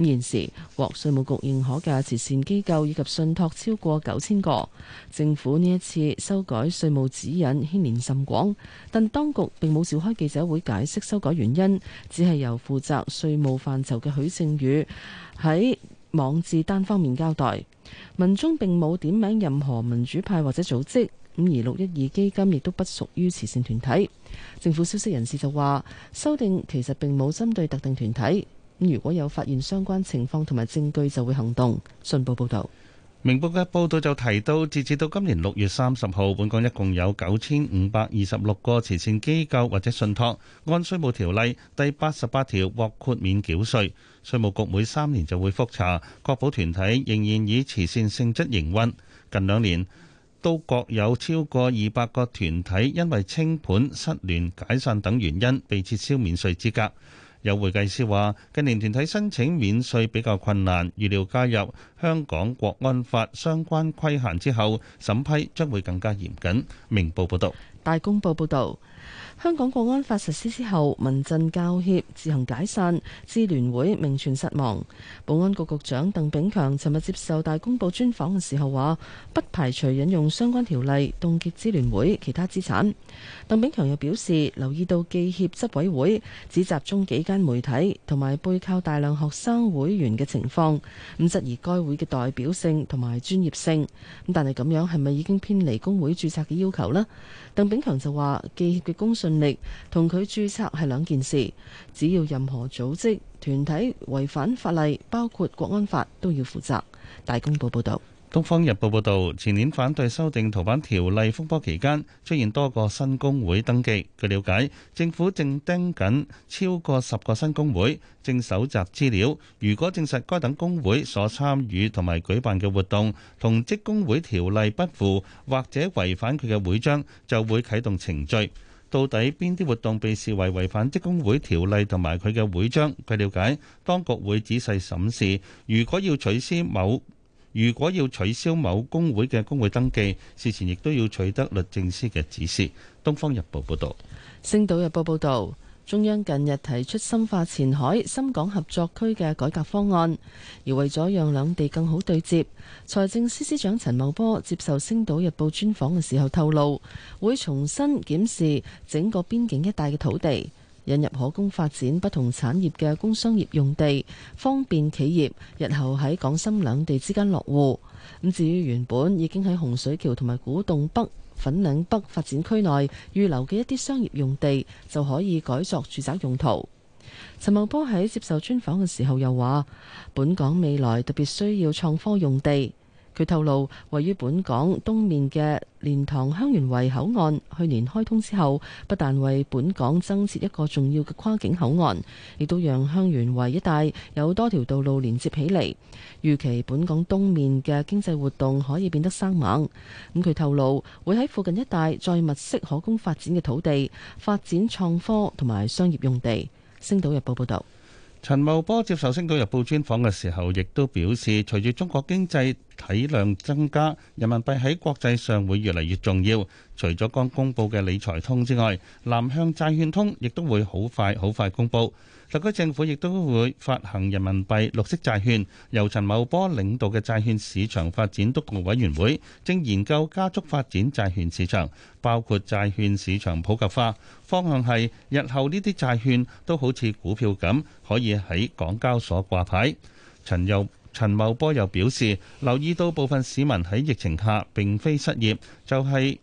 現時獲稅務局認可嘅慈善機構以及信託超過九千個。政府呢一次修改稅務指引牽連甚廣，但當局並冇召開記者會解釋修改原因，只係由負責稅務範疇嘅許正宇喺網誌單方面交代。文中並冇點名任何民主派或者組織。咁而六一二基金亦都不屬於慈善團體。政府消息人士就話，修訂其實並冇針對特定團體。如果有發現相關情況同埋證據，就會行動。信報報道，明報嘅報道就提到，截至到今年六月三十號，本港一共有九千五百二十六個慈善機構或者信託，按稅務條例第八十八條獲豁免繳稅。稅務局每三年就會覆查，確保團體仍然以慈善性質營運。近兩年都各有超過二百個團體因為清盤、失聯、解散等原因被撤銷免稅資格。有會計師話：近年團體申請免稅比較困難，預料加入香港國安法相關規限之後，審批將會更加嚴謹。明報報道。大公報報導。香港國安法實施之後，民陣教協自行解散，支聯會名存實亡。保安局局長鄧炳強尋日接受大公報專訪嘅時候話，不排除引用相關條例凍結支聯會其他資產。鄧炳強又表示，留意到記協執委會只集中幾間媒體同埋背靠大量學生會員嘅情況，咁質疑該會嘅代表性同埋專業性。咁但係咁樣係咪已經偏離工會註冊嘅要求呢？鄧炳強就話：記協嘅公信力同佢註冊係兩件事，只要任何組織、團體違反法例，包括國安法，都要負責。大公報報道。《東方日報》報導，前年反對修訂逃犯條例風波期間，出現多個新工會登記。據了解，政府正盯緊超過十個新工會，正搜集資料。如果證實該等工會所參與同埋舉辦嘅活動同職工會條例不符或者違反佢嘅會章，就會啟動程序。到底邊啲活動被視為違反職工會條例同埋佢嘅會章？據了解，當局會仔細審視，如果要取消某如果要取消某工會嘅工會登記，事前亦都要取得律政司嘅指示。東方日報報道，星島日報報道，中央近日提出深化前海深港合作區嘅改革方案，而為咗讓兩地更好對接，財政司司長陳茂波接受星島日報專訪嘅時候透露，會重新檢視整個邊境一帶嘅土地。引入可供發展不同產業嘅工商業用地，方便企業日後喺港深兩地之間落戶。咁至於原本已經喺洪水橋同埋古洞北、粉嶺北發展區內預留嘅一啲商業用地，就可以改作住宅用途。陳茂波喺接受專訪嘅時候又話，本港未來特別需要創科用地。佢透露，位於本港東面嘅蓮塘香園圍口岸去年開通之後，不但為本港增設一個重要嘅跨境口岸，亦都讓香園圍一帶有多條道路連接起嚟，預期本港東面嘅經濟活動可以變得生猛。咁佢透露會喺附近一帶再物色可供發展嘅土地，發展創科同埋商業用地。星島日報報道。陳茂波接受星島日報專訪嘅時候，亦都表示，隨住中國經濟體量增加，人民幣喺國際上會越嚟越重要。除咗剛公佈嘅理財通之外，南向債券通亦都會好快、好快公佈。特區政府亦都會發行人民幣綠色債券。由陳茂波領導嘅債券市場發展督導委員會正研究加速發展債券市場，包括債券市場普及化。方向係日後呢啲債券都好似股票咁，可以喺港交所掛牌。陳又陳茂波又表示，留意到部分市民喺疫情下並非失業，就係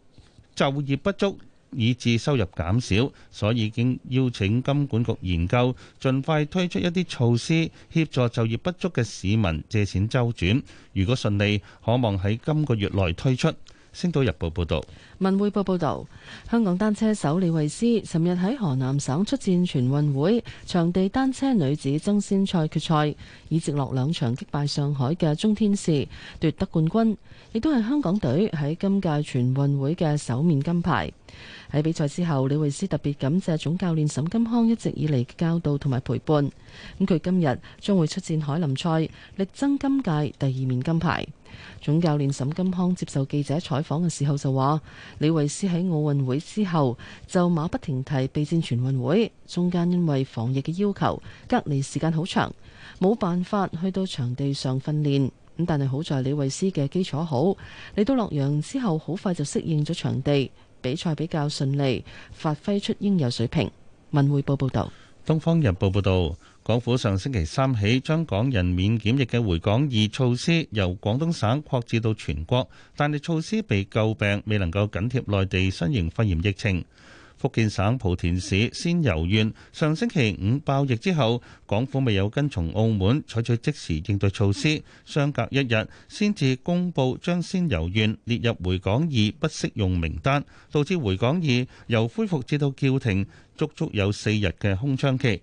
就業不足以致收入減少，所以已經邀請金管局研究，盡快推出一啲措施協助就業不足嘅市民借錢周轉。如果順利，可望喺今個月內推出。星島日報報道，文匯報報道，香港單車手李慧詩尋日喺河南省出戰全運會場地單車女子爭先賽決賽，賽，以直落兩場擊敗上海嘅鍾天使，奪得冠軍，亦都係香港隊喺今屆全運會嘅首面金牌。喺比賽之後，李慧詩特別感謝總教練沈金康一直以嚟嘅教導同埋陪伴。咁佢今日將會出戰海林賽，力爭今屆第二面金牌。總教練沈金康接受記者採訪嘅時候就話：李慧詩喺奧運會之後就馬不停蹄備戰全運會，中間因為防疫嘅要求隔離時間好長，冇辦法去到場地上訓練。咁但係好在李慧詩嘅基礎好，嚟到洛陽之後好快就適應咗場地，比賽比較順利，發揮出應有水平。文匯報報道，東方日報報道。港府上星期三起，將港人免檢疫嘅回港易措施由廣東省擴至到全國，但係措施被詬病未能夠緊貼內地新型肺炎疫情。福建省莆田市仙遊縣上星期五爆疫之後，港府未有跟從澳門採取即時應對措施，相隔一日先至公佈將仙遊縣列入回港易不適用名單，導致回港易由恢復至到叫停，足足有四日嘅空窗期。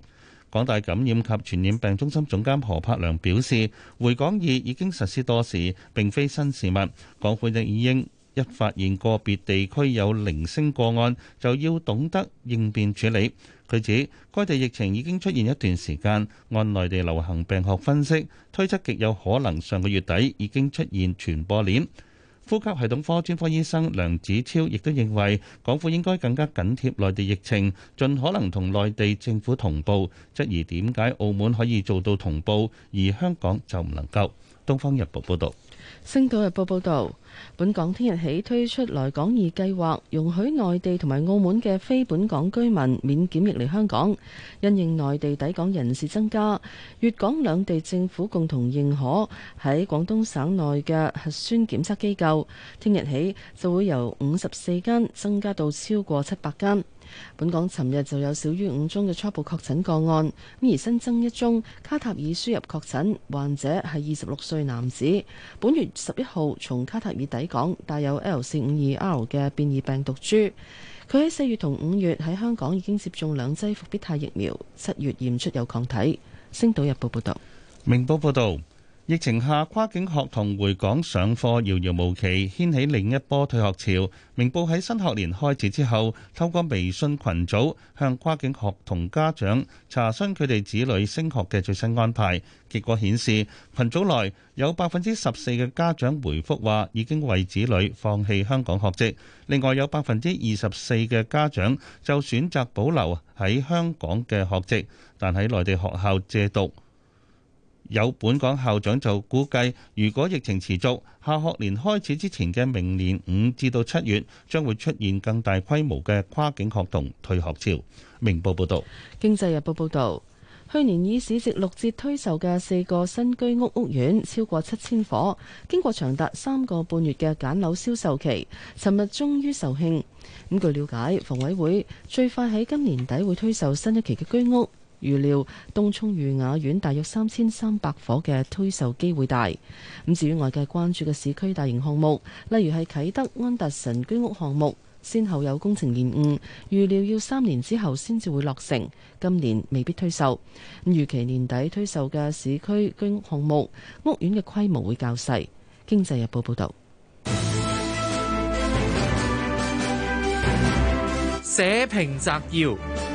港大感染及傳染病中心總監何柏良表示，回港易已經實施多時，並非新事物。港府亦已應一發現個別地區有零星個案，就要懂得應變處理。佢指，該地疫情已經出現一段時間，按內地流行病學分析推測，極有可能上個月底已經出現傳播鏈。呼吸系統科專科醫生梁子超亦都認為，港府應該更加緊貼內地疫情，盡可能同內地政府同步。質疑點解澳門可以做到同步，而香港就唔能夠。《東方日報》報導，《星島日報》報道：本港聽日起推出來港易計劃，容許內地同埋澳門嘅非本港居民免檢疫嚟香港。因應內地抵港人士增加，粵港兩地政府共同認可喺廣東省內嘅核酸檢測機構，聽日起就會由五十四間增加到超過七百間。本港尋日就有少於五宗嘅初步確診個案，咁而新增一宗卡塔爾輸入確診患者係二十六歲男子，本月十一號從卡塔爾抵港，帶有 L452R 嘅變異病毒株。佢喺四月同五月喺香港已經接種兩劑復必泰疫苗，七月驗出有抗體。星島日報報道。明報報道。疫情下跨境學童回港上課遙遙無期，掀起另一波退學潮。明報喺新學年開始之後，透過微信群組向跨境學童家長查詢佢哋子女升學嘅最新安排。結果顯示，群組內有百分之十四嘅家長回覆話已經為子女放棄香港學籍。另外有百分之二十四嘅家長就選擇保留喺香港嘅學籍，但喺內地學校借讀。有本港校長就估計，如果疫情持續，下學年開始之前嘅明年五至到七月，將會出現更大規模嘅跨境學童退學潮。明報報道：「經濟日報報道，去年以市值六折推售嘅四個新居屋屋苑，超過七千伙，經過長達三個半月嘅揀樓銷售期，尋日終於售罄。」咁據了解，房委會最快喺今年底會推售新一期嘅居屋。預料東涌裕雅苑大約三千三百伙嘅推售機會大。咁至於外界關注嘅市區大型項目，例如係啟德安達臣居屋項目，先後有工程延誤，預料要三年之後先至會落成，今年未必推售。咁預期年底推售嘅市區居屋項目，屋苑嘅規模會較細。經濟日報報道。社評摘要。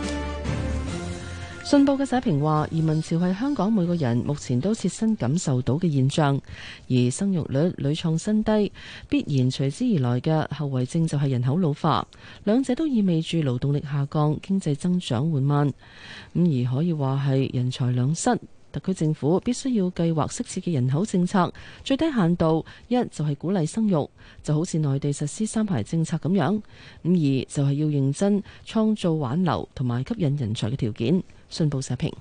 信報嘅社評話：移民潮係香港每個人目前都切身感受到嘅現象，而生育率屢創新低，必然隨之而來嘅後遺症就係人口老化，兩者都意味住勞動力下降、經濟增長緩慢，咁而可以話係人才兩失。特區政府必須要計劃適切嘅人口政策，最低限度一就係鼓勵生育，就好似內地實施三孩政策咁樣；咁二就係要認真創造挽留同埋吸引人才嘅條件。信報社評。《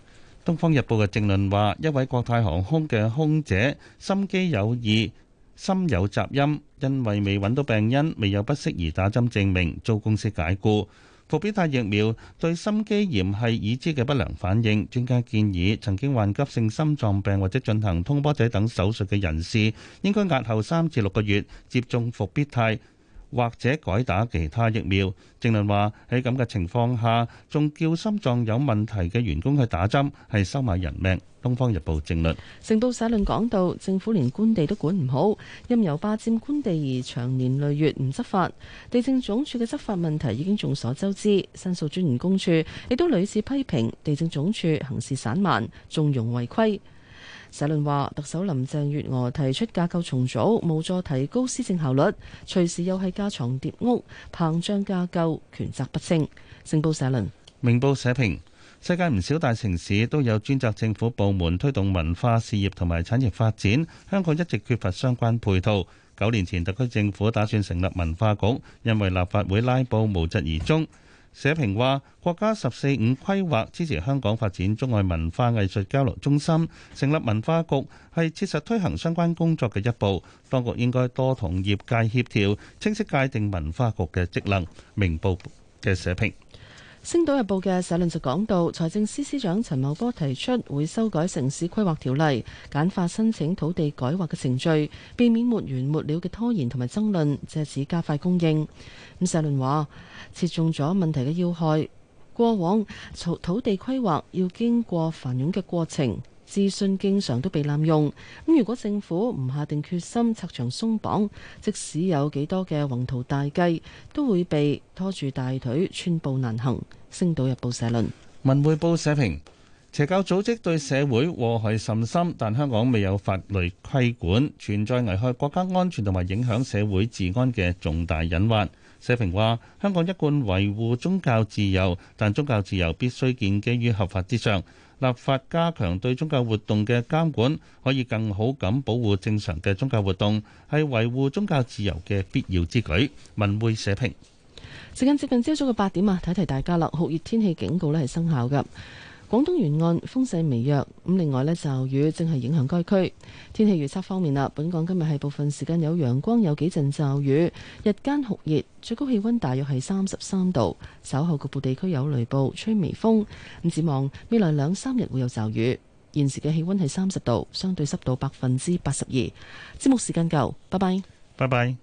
東方日報》嘅政論話：一位國泰航空嘅空姐心機有異，心有雜音，因為未揾到病因，未有不適宜打針證明，遭公司解雇。復必泰疫苗對心肌炎係已知嘅不良反應，專家建議曾經患急性心臟病或者進行通波仔等手術嘅人士，應該押後三至六個月接種復必泰。或者改打其他疫苗。正論話喺咁嘅情況下，仲叫心臟有問題嘅員工去打針，係收買人命。東方日報正論，成報社論講到論講，政府連官地都管唔好，任由霸佔官地而長年累月唔執法。地政總署嘅執法問題已經眾所周知，申訴專員公署亦都屢次批評地政總署行事散漫、縱容違規。社論話，特首林鄭月娥提出架構重組，無助提高施政效率，隨時又係架床疊屋，膨脹架構，權責不清。星報社論。明報社評：世界唔少大城市都有專責政府部門推動文化事業同埋產業發展，香港一直缺乏相關配套。九年前，特區政府打算成立文化局，因為立法會拉布無疾而終。社評話，國家十四五規劃支持香港發展中外文化藝術交流中心，成立文化局係切實推行相關工作嘅一步。當局應該多同業界協調，清晰界定文化局嘅職能。明報嘅社評。《星島日報》嘅社論就講到，財政司司長陳茂波提出會修改城市規劃條例，簡化申請土地改劃嘅程序，避免沒完沒了嘅拖延同埋爭論，借此加快供應。咁社論話，切中咗問題嘅要害。過往土地規劃要經過繁冗嘅過程。資訊經常都被濫用，咁如果政府唔下定決心拆牆鬆綁，即使有幾多嘅宏圖大計，都會被拖住大腿，寸步難行。星島日報社論。文匯報社評，邪教組織對社會禍害甚深，但香港未有法律規管，存在危害國家安全同埋影響社會治安嘅重大隱患。社評話：香港一貫維護宗教自由，但宗教自由必須建基於合法之上。立法加強對宗教活動嘅監管，可以更好咁保護正常嘅宗教活動，係維護宗教自由嘅必要之舉。文匯社評。時間接近朝早嘅八點啊，提提大家啦，酷熱天氣警告呢係生效㗎。廣東沿岸風勢微弱，咁另外呢驟雨正係影響該區。天氣預測方面啦，本港今日係部分時間有陽光，有幾陣驟雨，日間酷熱，最高氣溫大約係三十三度。稍後局部地區有雷暴，吹微風。咁展望未來兩三日會有驟雨。現時嘅氣溫係三十度，相對濕度百分之八十二。節目時間夠，拜拜，拜拜。